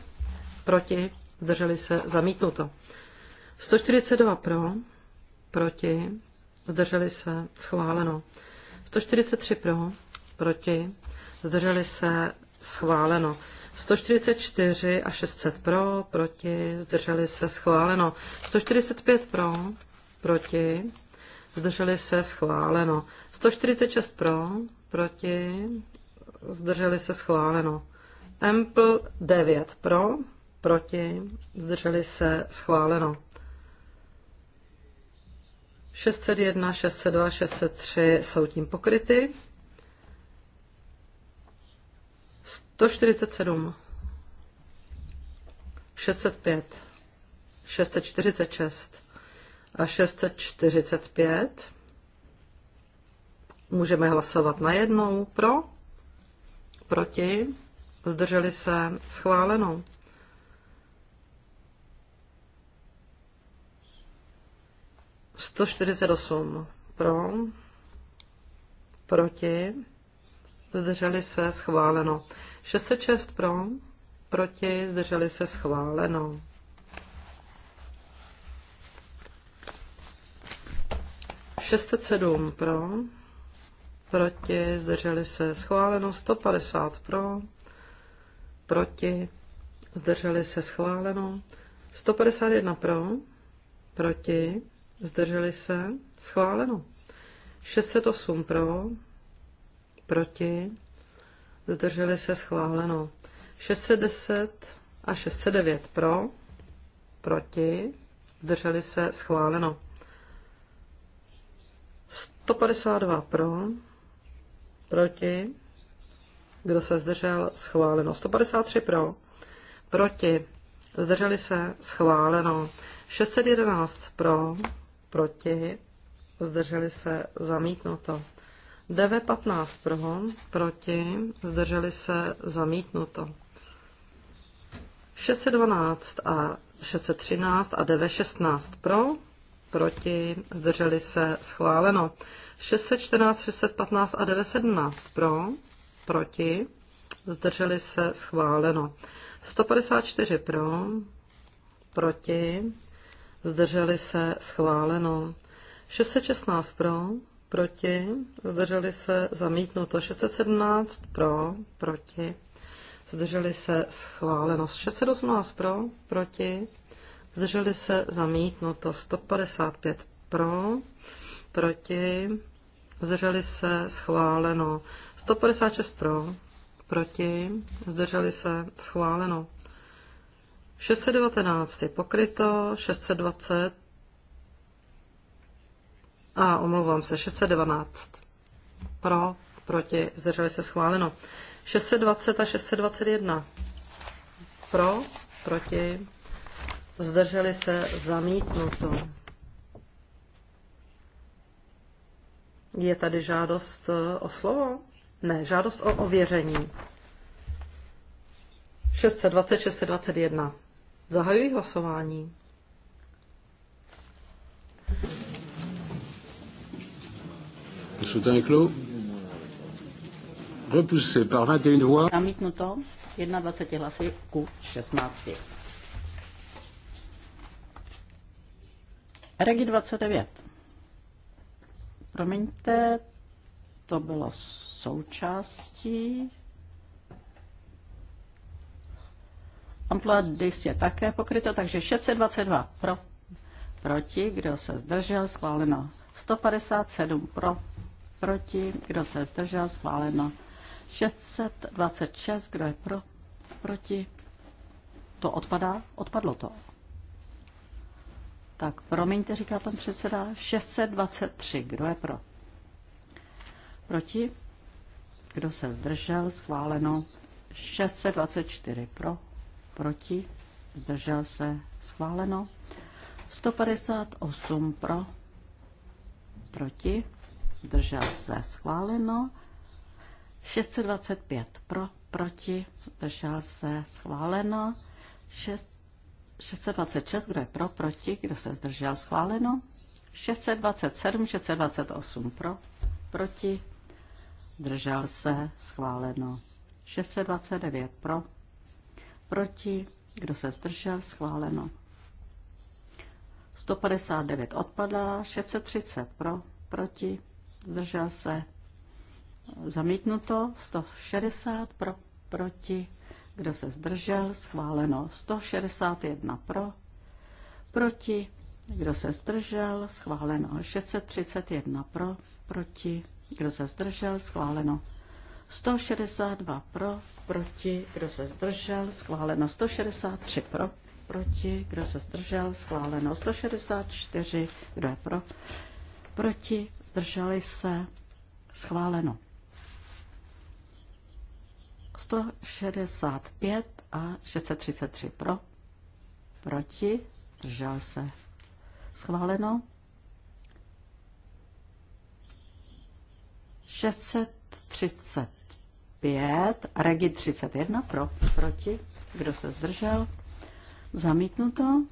proti, zdrželi se, zamítnuto. 142 pro, proti, zdrželi se, schváleno. 143 pro, proti, zdrželi se, schváleno. 144 a 600 pro, proti, zdrželi se, schváleno. 145 pro, proti, zdrželi se, schváleno. 146 pro, proti, zdrželi se, schváleno. Ample 9 pro, proti, zdrželi se, schváleno. 601, 602, 603 jsou tím pokryty. 147. 605. 646 a 645. Můžeme hlasovat na jednou pro, proti, zdrželi se schváleno. Sto čtyřicet osm pro, proti, zdrželi se schváleno. 606 pro, proti, zdrželi se schváleno. Šestset sedm pro, proti, zdrželi se schváleno, 150 pro, proti, zdrželi se schváleno, 151 pro, proti, zdrželi se schváleno, 608 pro, proti, zdrželi se schváleno. 610 a 609 pro, proti, zdrželi se schváleno. 152 pro, proti, kdo se zdržel, schváleno. 153 pro, proti, zdrželi se, schváleno. 611 pro, proti, zdrželi se, zamítnuto. DV15 pro, proti, zdrželi se zamítnuto. 612 a 613 a DV16 pro, proti, zdrželi se schváleno. 614, 615 a 917 pro, proti, zdrželi se schváleno. 154 pro, proti, zdrželi se schváleno. 616 pro, proti, zdrželi se, zamítnuto 617 pro, proti, zdrželi se, schváleno 618 pro, proti, zdrželi se, zamítnuto 155 pro, proti, zdrželi se, schváleno 156 pro, proti, zdrželi se, schváleno 619 je pokryto, 620 a omlouvám se, 612. Pro, proti, zdrželi se schváleno. 620 a 621. Pro, proti, zdrželi se zamítnuto. Je tady žádost eh, o slovo? Ne, žádost o ověření. 620, 621. Zahajuji hlasování. Le scrutin est clos. Repoussé par 21 voix. Zamítnuto 21 hlasy ku 16. Regi 29. Promiňte, to bylo součástí. Ampla DIS je také pokryto, takže 622 pro, proti, kdo se zdržel, schváleno 157 pro, proti, kdo se zdržel, schváleno. 626, kdo je pro, proti, to odpadá, odpadlo to. Tak promiňte, říká pan předseda, 623, kdo je pro? Proti, kdo se zdržel, schváleno. 624 pro, proti, zdržel se, schváleno. 158 pro, proti, zdržel se schváleno. 625 pro, proti, zdržel se schváleno. 626, kdo je pro, proti, kdo se zdržel schváleno. 627, 628 pro, proti, zdržel se schváleno. 629 pro, proti, kdo se zdržel schváleno. 159 odpadá, 630 pro, proti, zdržel se zamítnuto, 160 pro, proti, kdo se zdržel, schváleno, 161 pro, proti, kdo se zdržel, schváleno, 631 pro, proti, kdo se zdržel, schváleno, 162 pro, proti, kdo se zdržel, schváleno, 163 pro, proti, kdo se zdržel, schváleno, 164, kdo je pro, proti, zdrželi se, schváleno. 165 a 633 pro, proti, zdržel se, schváleno. 635, Regi 31 pro, proti, kdo se zdržel, zamítnuto.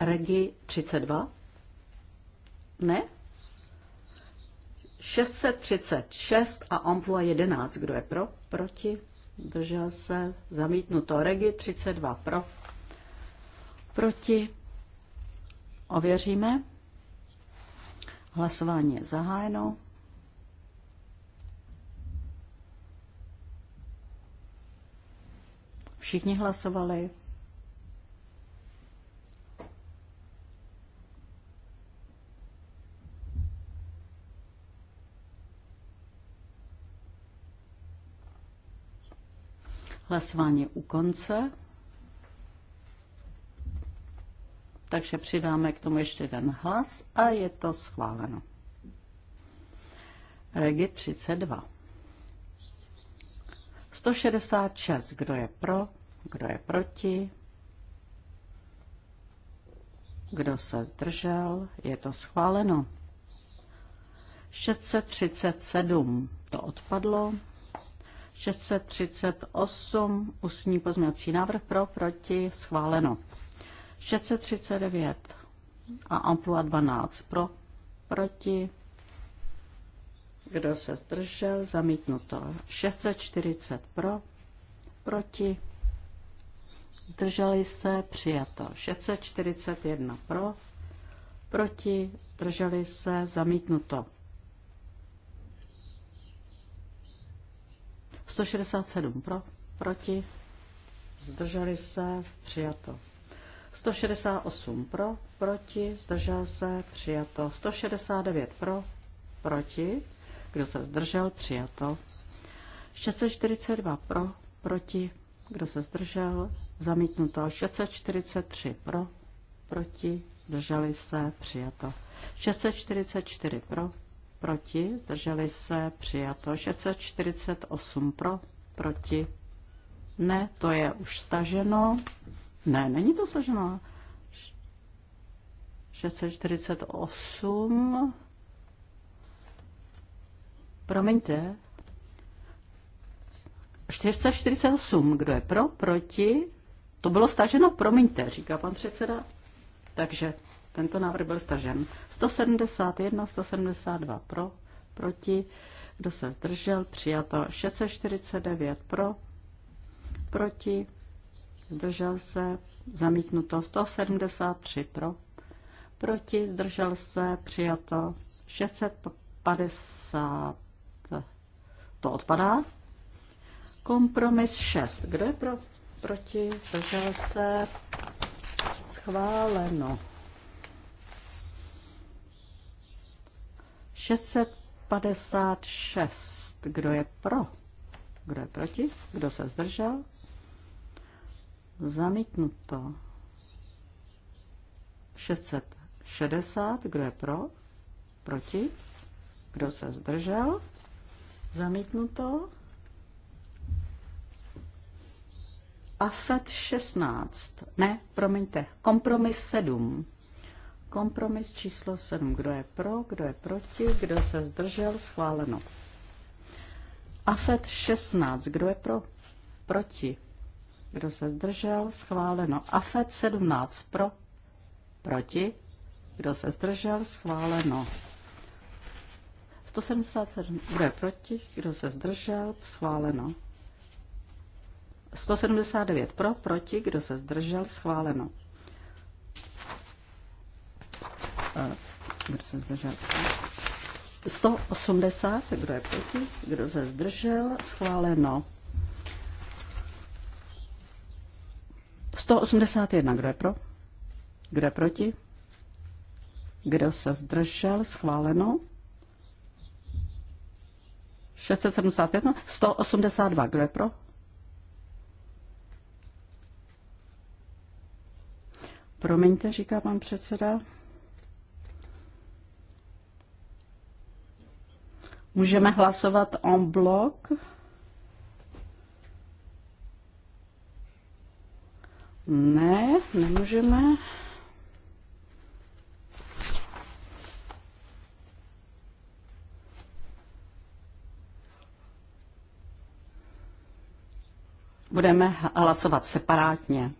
Regi 32? Ne? 636 a Amplua 11. Kdo je pro? Proti? Držel se? Zamítnuto. Regi 32 pro. Proti? Ověříme. Hlasování je zahájeno. Všichni hlasovali. Hlasování u konce. Takže přidáme k tomu ještě jeden hlas a je to schváleno. Regi 32. 166. Kdo je pro? Kdo je proti? Kdo se zdržel? Je to schváleno. 637. To odpadlo. 638 ústní pozměňovací návrh pro, proti, schváleno. 639 a amplua 12 pro, proti, kdo se zdržel, zamítnuto. 640 pro, proti, zdrželi se, přijato. 641 pro, proti, zdrželi se, zamítnuto. 167 pro, proti, zdrželi se, přijato. 168 pro, proti, zdržel se, přijato. 169 pro, proti, kdo se zdržel, přijato. 642 pro, proti, kdo se zdržel, zamítnuto. 643 pro, proti, zdrželi se, přijato. 644 pro, proti, zdrželi se, přijato. 648 pro, proti, ne, to je už staženo. Ne, není to staženo. 648. Promiňte. 448. Kdo je pro? Proti? To bylo staženo? Promiňte, říká pan předseda. Takže tento návrh byl stažen. 171, 172 pro, proti. Kdo se zdržel? Přijato 649 pro, proti. Zdržel se. Zamítnuto 173 pro, proti. Zdržel se. Přijato 650. To odpadá. Kompromis 6. Kdo je pro? Proti. Zdržel se. Schváleno. 656. Kdo je pro? Kdo je proti? Kdo se zdržel? Zamítnuto. 660. Kdo je pro? Proti? Kdo se zdržel? Zamítnuto. AFET 16. Ne, promiňte, kompromis 7. Kompromis číslo 7. Kdo je pro, kdo je proti, kdo se zdržel, schváleno. AFET 16. Kdo je pro, proti, kdo se zdržel, schváleno. AFET 17. Pro, proti, kdo se zdržel, schváleno. 177. Kdo je proti, kdo se zdržel, schváleno. 179 pro, proti, kdo se zdržel, schváleno. Kdo se zdržel? 180, kdo je proti, kdo se zdržel, schváleno. 181, kdo je pro, kdo je proti, kdo se zdržel, schváleno. 675, 182, no, kdo je pro? Promiňte, říká pan předseda, Můžeme hlasovat en bloc. Ne, nemůžeme. Budeme hlasovat separátně.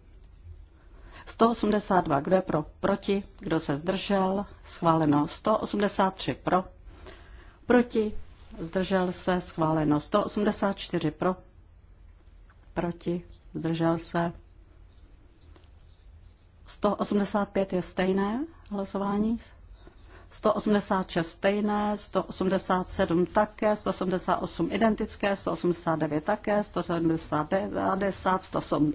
182, kdo je pro, proti, kdo se zdržel, schváleno 183 pro, proti, zdržel se, schváleno 184 pro, proti, zdržel se. 185 je stejné hlasování, 186 stejné, 187 také, 188 identické, 189 také, 190,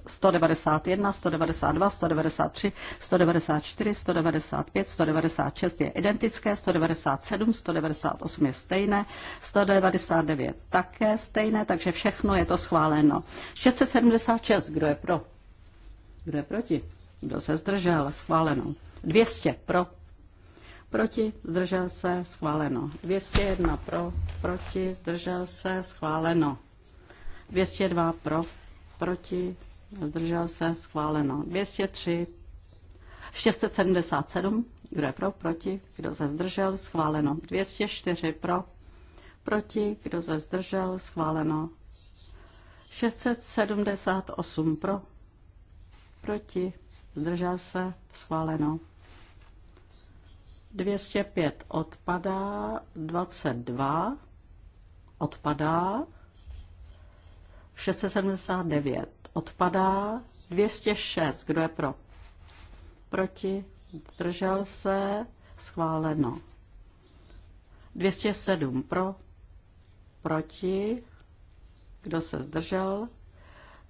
191, 192, 193, 194, 195, 196 je identické, 197, 198 je stejné, 199 také stejné, takže všechno je to schváleno. 676, kdo je pro? Kdo je proti? Kdo se zdržel? Schváleno. 200 pro, proti, zdržel se, schváleno. 201 pro, proti, zdržel se, schváleno. 202 pro, proti, zdržel se, schváleno. 203, 677, kdo je pro, proti, kdo se zdržel, schváleno. 204 pro, proti, kdo se zdržel, schváleno. 678 pro, proti, zdržel se, schváleno. 205 odpadá, 22 odpadá, 679 odpadá, 206, kdo je pro? Proti, držel se, schváleno. 207 pro, proti, kdo se zdržel,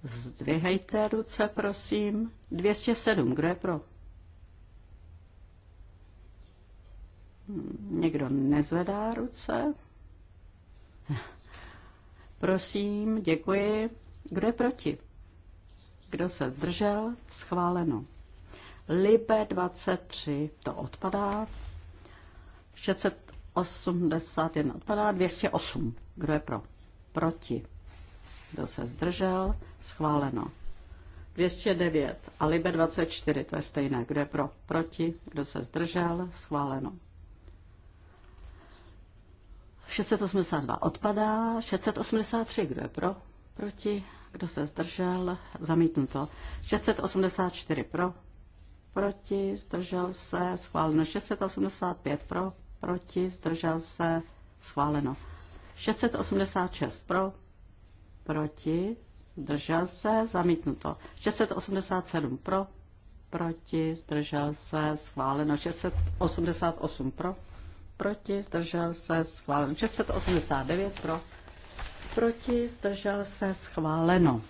zdvihejte ruce, prosím. 207, kdo je pro? Někdo nezvedá ruce? Prosím, děkuji. Kdo je proti? Kdo se zdržel? Schváleno. Libe 23, to odpadá. 681 odpadá. 208, kdo je pro? Proti. Kdo se zdržel? Schváleno. 209 a Libe 24, to je stejné. Kdo je pro? Proti. Kdo se zdržel? Schváleno. 682 odpadá, 683, kdo je pro, proti, kdo se zdržel, zamítnuto. 684 pro, proti, zdržel se, schváleno. 685 pro, proti, zdržel se, schváleno. 686 pro, proti, zdržel se, zamítnuto. 687 pro, proti, zdržel se, schváleno. 688 pro, proti, zdržel se, schváleno. 689 pro, proti, zdržel se, schváleno.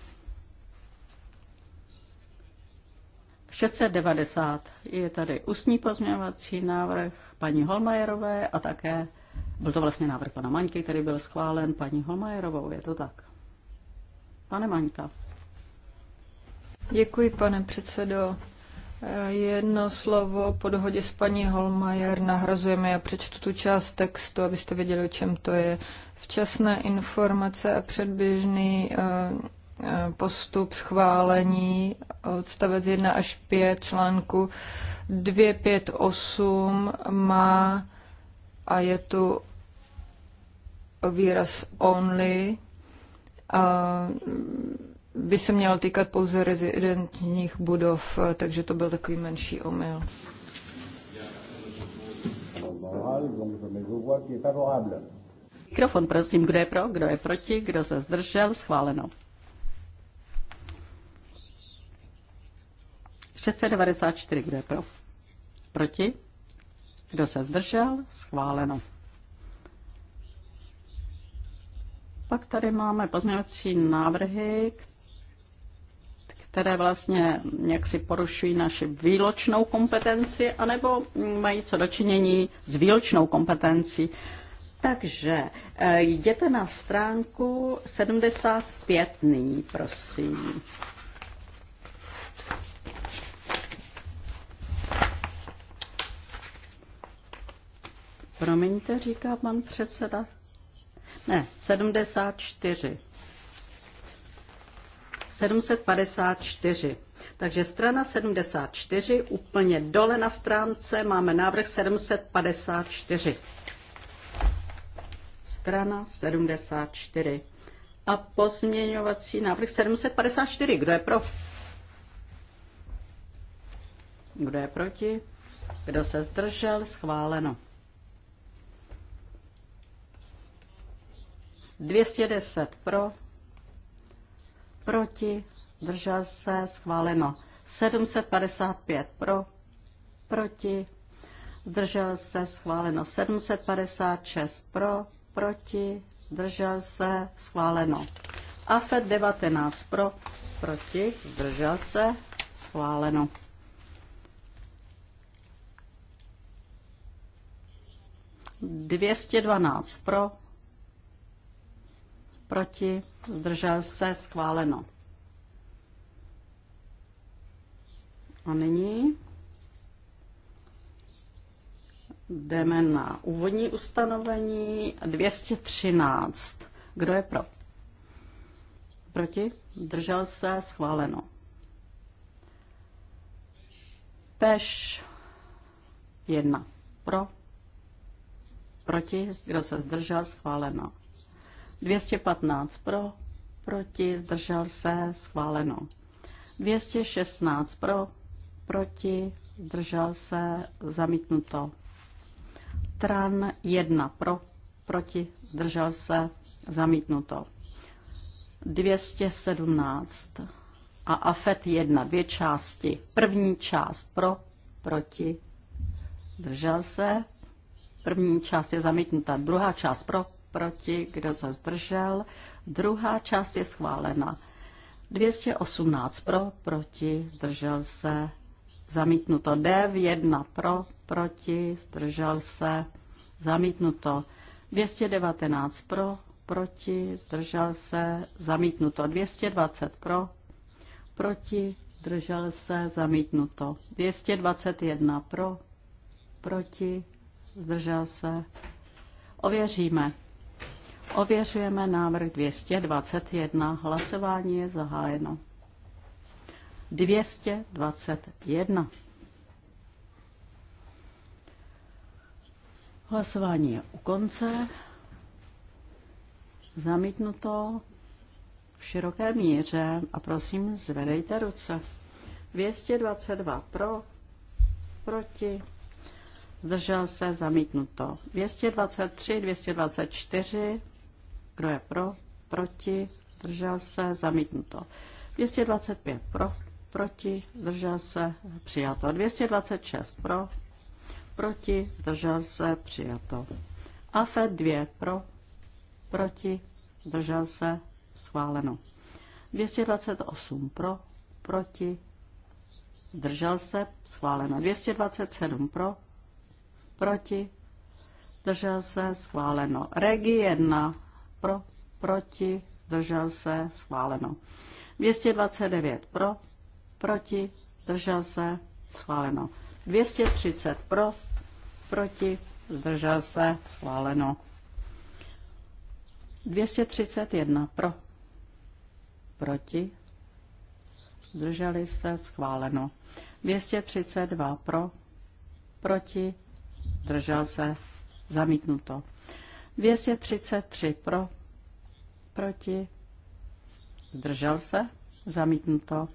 690 je tady ústní pozměňovací návrh paní Holmajerové a také byl to vlastně návrh pana Maňky, který byl schválen paní Holmajerovou, je to tak. Pane Maňka. Děkuji, pane předsedo. Jedno slovo po dohodě s paní Holmajer nahrazujeme. Já přečtu tu část textu, abyste věděli, o čem to je. Včasné informace a předběžný eh, eh, postup schválení odstavec 1 až 5 článku 258 má a je tu výraz only by se mělo týkat pouze rezidentních budov, takže to byl takový menší omyl. Mikrofon, prosím, kdo je pro, kdo je proti, kdo se zdržel, schváleno. 694, kdo je pro? Proti? Kdo se zdržel? Schváleno. Pak tady máme pozměňovací návrhy, které vlastně jaksi porušují naši výločnou kompetenci, anebo mají co dočinění s výločnou kompetencí. Takže eh, jděte na stránku 75 nyní, prosím. Promiňte, říká pan předseda. Ne, 74. 754. Takže strana 74, úplně dole na stránce máme návrh 754. Strana 74. A pozměňovací návrh 754. Kdo je pro? Kdo je proti? Kdo se zdržel? Schváleno. 210 pro, proti, zdržel se, schváleno. 755 pro, proti, zdržel se, schváleno. 756 pro, proti, zdržel se, schváleno. AFED 19 pro, proti, zdržel se, schváleno. Dvěstě dvanáct pro, proti, zdržel se, schváleno. A nyní jdeme na úvodní ustanovení 213. Kdo je pro? Proti? Držel se? Schváleno. Peš 1. Pro? Proti? Kdo se zdržel? Schváleno. 215 pro, proti, zdržel se, schváleno. 216 pro, proti, zdržel se, zamítnuto. Tran 1 pro, proti, zdržel se, zamítnuto. 217 a AFET 1, dvě části. První část pro, proti, zdržel se. První část je zamítnuta, druhá část pro, proti, kdo se zdržel. Druhá část je schválena. 218 pro, proti, zdržel se, zamítnuto. D1 pro, proti, zdržel se, zamítnuto. 219 pro, proti, zdržel se, zamítnuto. 220 pro, proti, zdržel se, zamítnuto. 221 pro, proti, zdržel se. Ověříme. Ověřujeme návrh 221. Hlasování je zahájeno. 221. Hlasování je u konce. Zamítnuto v široké míře a prosím, zvedejte ruce. 222 pro, proti, zdržel se, zamítnuto. 223, 224 kdo je pro? Proti? Zdržel se? Zamítnuto. 225 pro? Proti? Zdržel se? Přijato. 226 pro? Proti? Zdržel se? Přijato. AFE 2 pro? Proti? Zdržel se? Schváleno. 228 pro? Proti? Zdržel se? Schváleno. 227 pro? Proti? Zdržel se? Schváleno. Regi 1 pro, proti, zdržel se, schváleno. 229 pro, proti, zdržel se, schváleno. 230 pro, proti, zdržel se, schváleno. 231 pro, proti, zdrželi se, schváleno. 232 pro, proti, zdržel se, zamítnuto. 233 pro, proti, zdržel se, zamítnuto.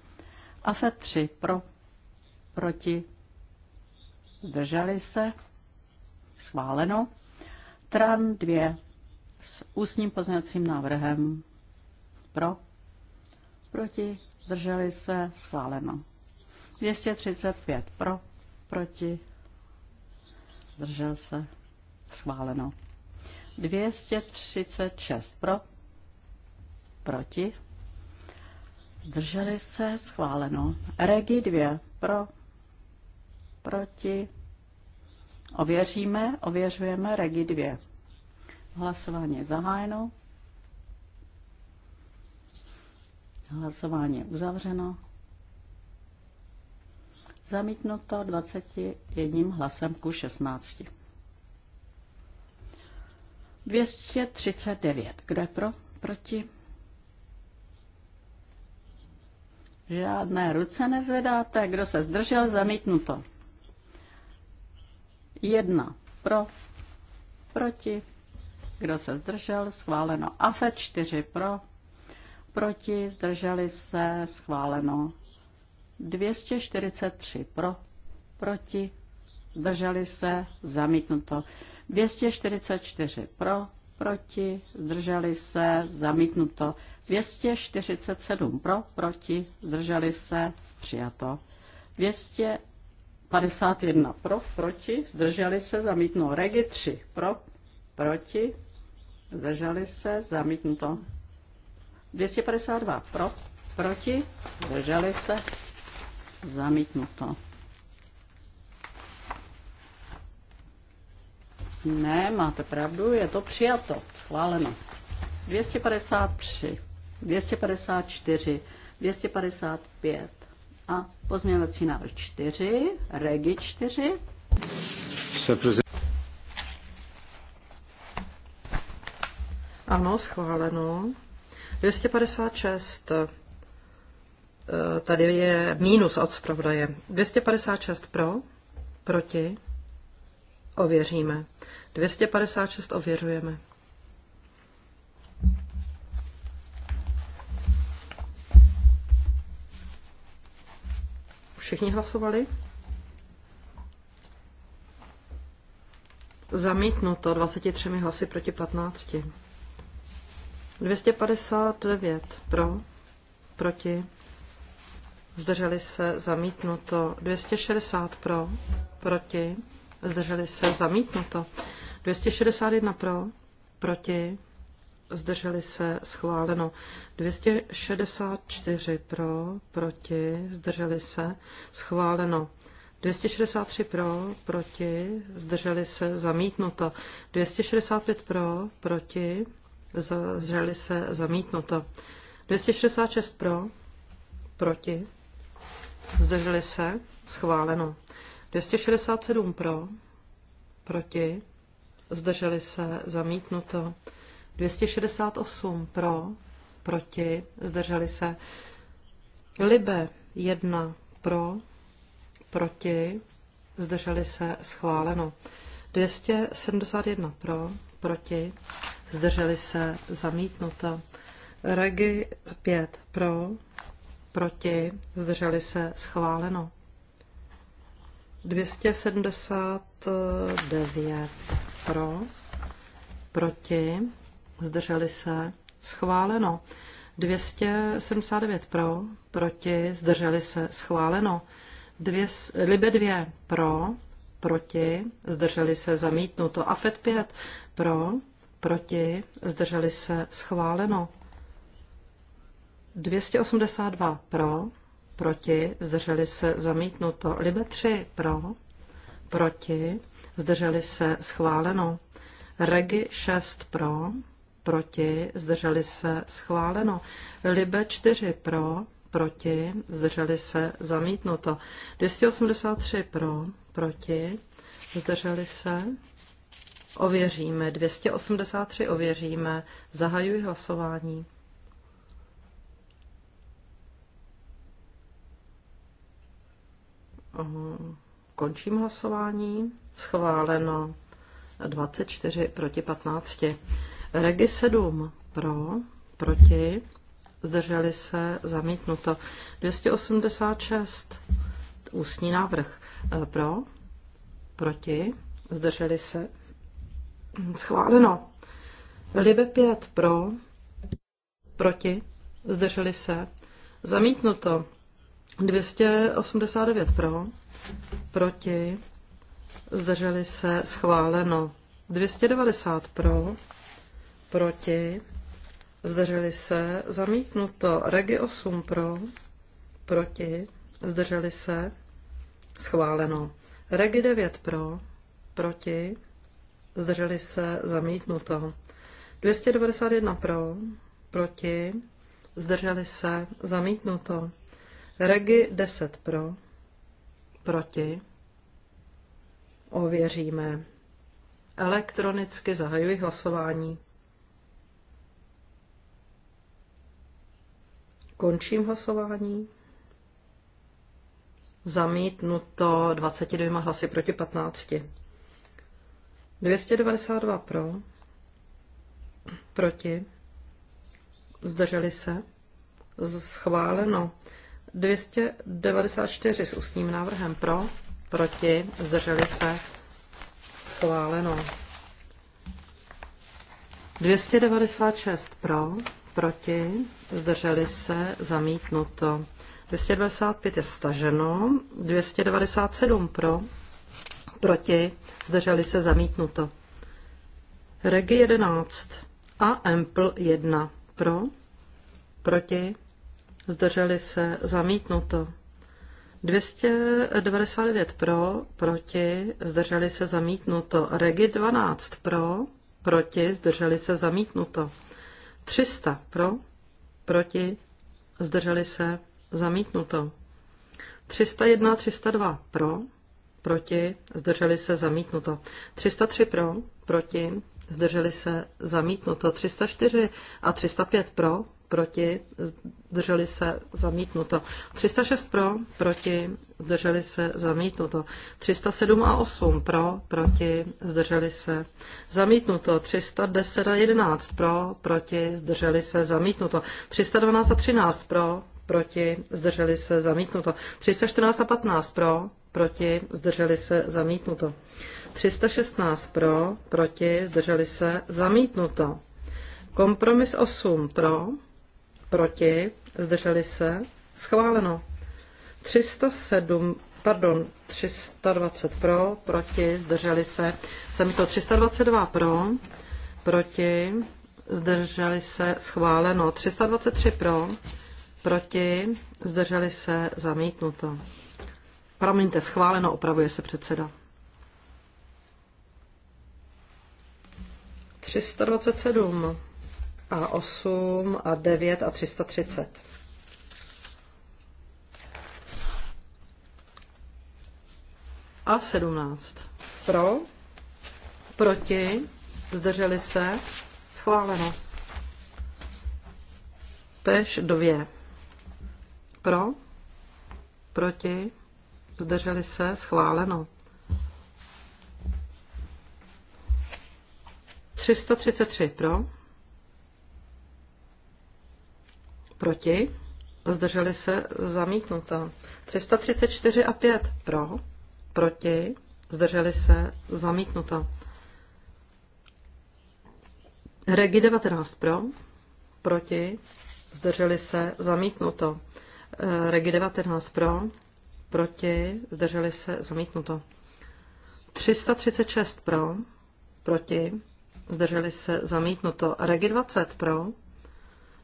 AFE 3 pro, proti, zdrželi se, schváleno. TRAN 2 s ústním pozměňovacím návrhem pro, proti, zdrželi se, schváleno. 235 pro, proti, zdržel se, schváleno. 236 pro, proti, zdrželi se, schváleno. Regi 2 pro, proti, ověříme, ověřujeme Regi 2. Hlasování je zahájeno. Hlasování je uzavřeno. Zamítnuto 21 hlasem ku 16. 239. Kdo je pro? Proti? Žádné ruce nezvedáte. Kdo se zdržel? Zamítnuto. Jedna. Pro. Proti. Kdo se zdržel? Schváleno. AFE 4 pro. Proti. Zdrželi se. Schváleno. 243 pro. Proti. Zdrželi se. Zamítnuto. 244 pro, proti, zdrželi se, zamítnuto. 247 pro, proti, zdrželi se, přijato. 251 pro, proti, zdrželi se, zamítnuto. Regi 3 pro, proti, zdrželi se, zamítnuto. 252 pro, proti, zdrželi se, zamítnuto. Ne, máte pravdu, je to přijato, schváleno. 253, 254, 255 a pozměňovací návrh 4, regi 4. Ano, schváleno. 256. Eh, tady je mínus od zpravodaje. 256 pro, proti, ověříme. 256 ověřujeme. Všichni hlasovali? Zamítnuto 23 hlasy proti 15. 259 pro, proti, zdrželi se zamítnuto. 260 pro, proti, zdrželi se zamítnuto. 261 pro, proti, zdrželi se, schváleno. 264 pro, proti, zdrželi se, schváleno. 263 pro, proti, zdrželi se, zamítnuto. 265 pro, proti, zdrželi se, zamítnuto. 266 pro, proti, zdrželi se, schváleno. 267 pro, proti, zdrželi se, zamítnuto. 268 pro, proti, zdrželi se. Libe 1 pro, proti, zdrželi se, schváleno. 271 pro, proti, zdrželi se, zamítnuto. Regi 5 pro, proti, zdrželi se, schváleno. 279 pro, proti, zdrželi se, schváleno. 279 pro, proti, zdrželi se, schváleno. Dvě, libe 2 pro, proti, zdrželi se, zamítnuto. FED 5 pro, proti, zdrželi se, schváleno. 282 pro, proti, zdrželi se, zamítnuto. Libe 3 pro, proti, zdrželi se schváleno. Regi 6 pro, proti, zdrželi se schváleno. Libe 4 pro, proti, zdrželi se zamítnuto. 283 pro, proti, zdrželi se. Ověříme. 283 ověříme. Zahajuji hlasování. Uh-huh. Končím hlasování. Schváleno 24 proti 15. Regi 7 pro, proti, zdrželi se, zamítnuto. 286 ústní návrh eh, pro, proti, zdrželi se, schváleno. Libe 5 pro, proti, zdrželi se, zamítnuto. 289 pro, proti, zdrželi se, schváleno. 290 pro, proti, zdrželi se, zamítnuto. Regi 8 pro, proti, zdrželi se, schváleno. Regi 9 pro, proti, zdrželi se, zamítnuto. 291 pro, proti, zdrželi se, zamítnuto. Regi 10 pro, proti, ověříme. Elektronicky zahajuji hlasování. Končím hlasování. Zamítnuto 22 hlasy proti 15. 292 pro, proti, zdrželi se, schváleno. 294 s ústním návrhem pro, proti, zdrželi se, schváleno. 296 pro, proti, zdrželi se, zamítnuto. 295 je staženo, 297 pro, proti, zdrželi se, zamítnuto. Regi 11 a Empl 1 pro, proti, zdrželi se, zamítnuto. 299 pro, proti, zdrželi se, zamítnuto. Regi 12 pro, proti, zdrželi se, zamítnuto. 300 pro, proti, zdrželi se, zamítnuto. 301, 302 pro, proti, zdrželi se, zamítnuto. 303 pro, proti, zdrželi se, zamítnuto. 304 a 305 pro, proti, zdrželi se, zamítnuto. 306 pro, proti, zdrželi se, zamítnuto. 307 a 8 pro, proti, zdrželi se, zamítnuto. 310 a 11 pro, proti, zdrželi se, zamítnuto. 312 a 13 pro, proti, zdrželi se, zamítnuto. 314 a 15 pro, proti, zdrželi se, zamítnuto. 316 pro, proti, zdrželi se, zamítnuto. Kompromis 8 pro, proti, zdrželi se, schváleno. 307, pardon, 320 pro, proti, zdrželi se, jsem to 322 pro, proti, zdrželi se, schváleno. 323 pro, proti, zdrželi se, zamítnuto. Promiňte, schváleno, opravuje se předseda. 327 a 8 a 9 a 330. A 17. Pro, proti, zdrželi se, schváleno. Peš 2. Pro, proti, zdrželi se, schváleno. 333 pro, Proti? Zdrželi se zamítnuto. 334 a 5 pro. Proti? Zdrželi se zamítnuto. Regi 19 eh, pro. Proti? Zdrželi se zamítnuto. Regi 19 pro. Proti? Zdrželi se zamítnuto. 336 pro. Proti? Zdrželi se zamítnuto. Regi 20 pro.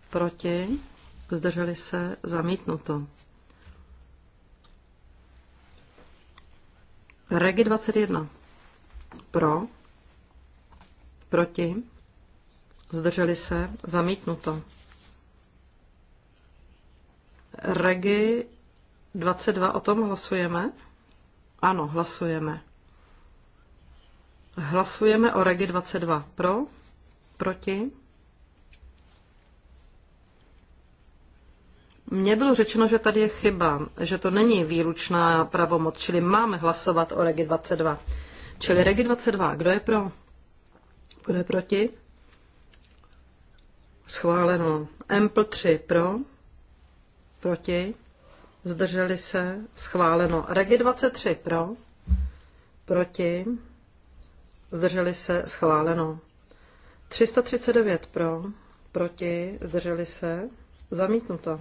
Proti? zdrželi se, zamítnuto. Regi 21. Pro, proti, zdrželi se, zamítnuto. Regi 22, o tom hlasujeme? Ano, hlasujeme. Hlasujeme o Regi 22. Pro, proti, Mně bylo řečeno, že tady je chyba, že to není výlučná pravomoc, čili máme hlasovat o Regi 22. Čili Regi 22, kdo je pro? Kdo je proti? Schváleno. Empl 3 pro, proti, zdrželi se, schváleno. Regi 23 pro, proti, zdrželi se, schváleno. 339 pro, proti, zdrželi se, zamítnuto.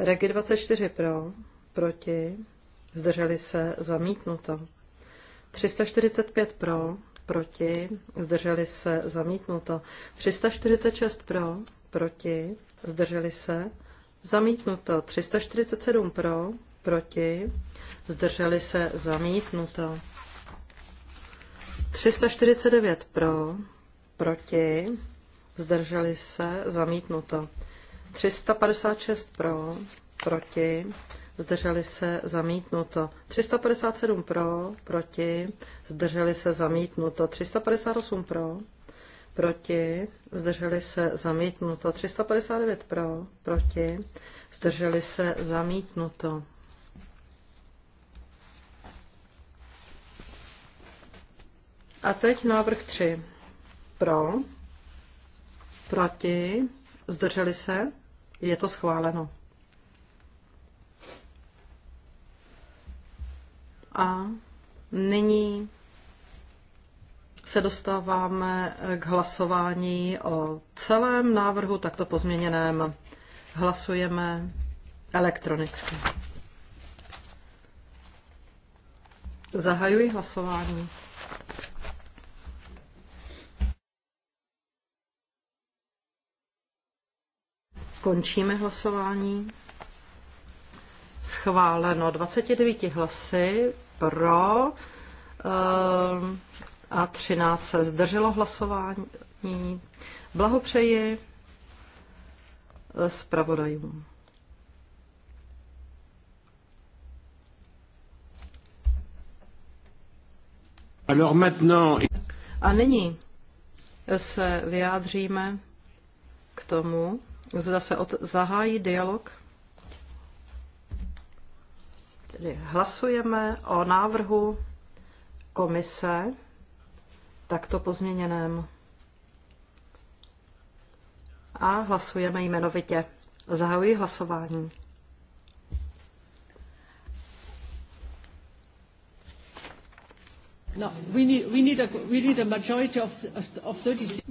Regi 24 pro, proti, zdrželi se, zamítnuto. 345 pro, proti, zdrželi se, zamítnuto. 346 pro, proti, zdrželi se, zamítnuto. 347 pro, proti, zdrželi se, zamítnuto. 349 pro, proti, zdrželi se, zamítnuto. 356 pro, proti, zdrželi se zamítnuto. 357 pro, proti, zdrželi se zamítnuto. 358 pro, proti, zdrželi se zamítnuto. 359 pro, proti, zdrželi se zamítnuto. A teď návrh 3. Pro, proti, zdrželi se, je to schváleno. A nyní se dostáváme k hlasování o celém návrhu takto pozměněném. Hlasujeme elektronicky. Zahajuji hlasování. Končíme hlasování. Schváleno 29 hlasy pro ehm, a 13 se zdrželo hlasování. Blahopřeji eh, zpravodajům. A nyní se vyjádříme k tomu, zda se od, zahájí dialog. Tedy hlasujeme o návrhu komise takto pozměněném. A hlasujeme jmenovitě. Zahajuji hlasování.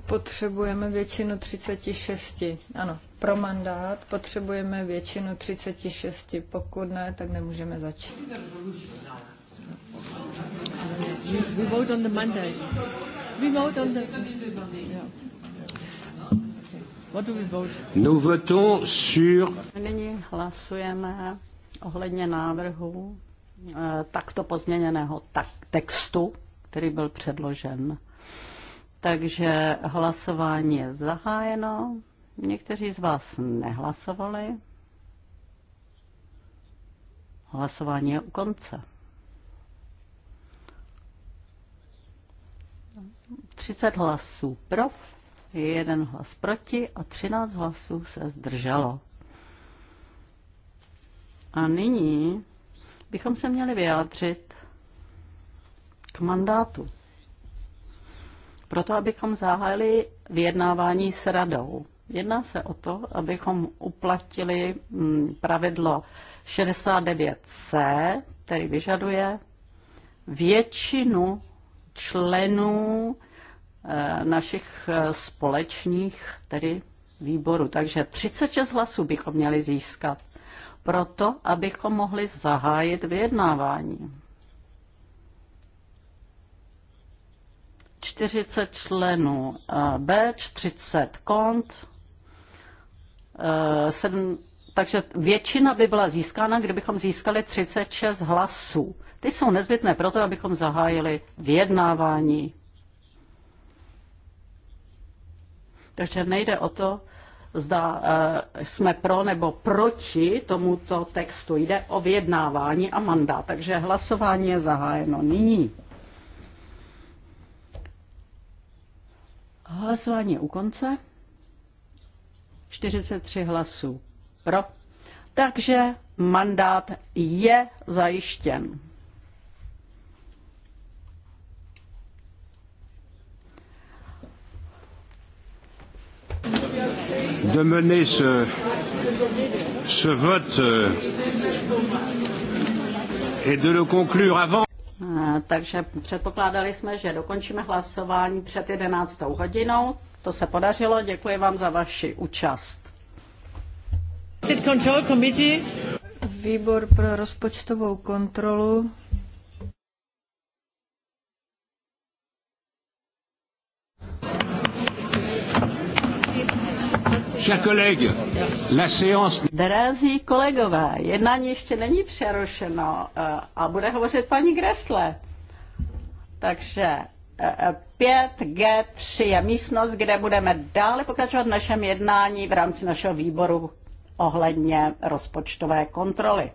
Potřebujeme většinu 36. Ano, pro mandát potřebujeme většinu 36. Pokud ne, tak nemůžeme začít. What do we vote? Nous votons sur... Nyní hlasujeme ohledně návrhu Eh, takto pozměněného tak textu, který byl předložen. Takže hlasování je zahájeno. Někteří z vás nehlasovali. Hlasování je u konce. 30 hlasů pro, jeden hlas proti a 13 hlasů se zdrželo. A nyní bychom se měli vyjádřit k mandátu. Proto, abychom zahájili vyjednávání s radou. Jedná se o to, abychom uplatili mm, pravidlo 69c, který vyžaduje většinu členů eh, našich eh, společných, tedy výborů. Takže 36 hlasů bychom měli získat proto abychom mohli zahájit vyjednávání. 40 členů eh, B, 30 kont, 7, eh, takže většina by byla získána, kdybychom získali 36 hlasů. Ty jsou nezbytné proto, abychom zahájili vyjednávání. Takže nejde o to, zda eh, jsme pro nebo proti tomuto textu. Jde o vyjednávání a mandát, takže hlasování je zahájeno nyní. Hlasování je u konce. 43 hlasů pro. Takže mandát je zajištěn. de mener eh, ce, ce vote et eh, de le conclure avant. Eh, takže předpokládali jsme, že dokončíme hlasování před 11. hodinou. To se podařilo. Děkuji vám za vaši účast. Výbor pro rozpočtovou kontrolu Drazí kolegové, jednání ještě není přerušeno eh, a bude hovořit paní Gresle. Takže 5G3 eh, je místnost, kde budeme dále pokračovat v našem jednání v rámci našeho výboru ohledně rozpočtové kontroly.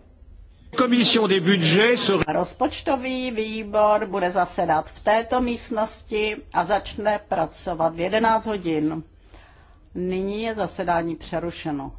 Rozpočtový výbor bude zasedat v této místnosti a začne pracovat v 11 hodin. Nyní je zasedání přerušeno.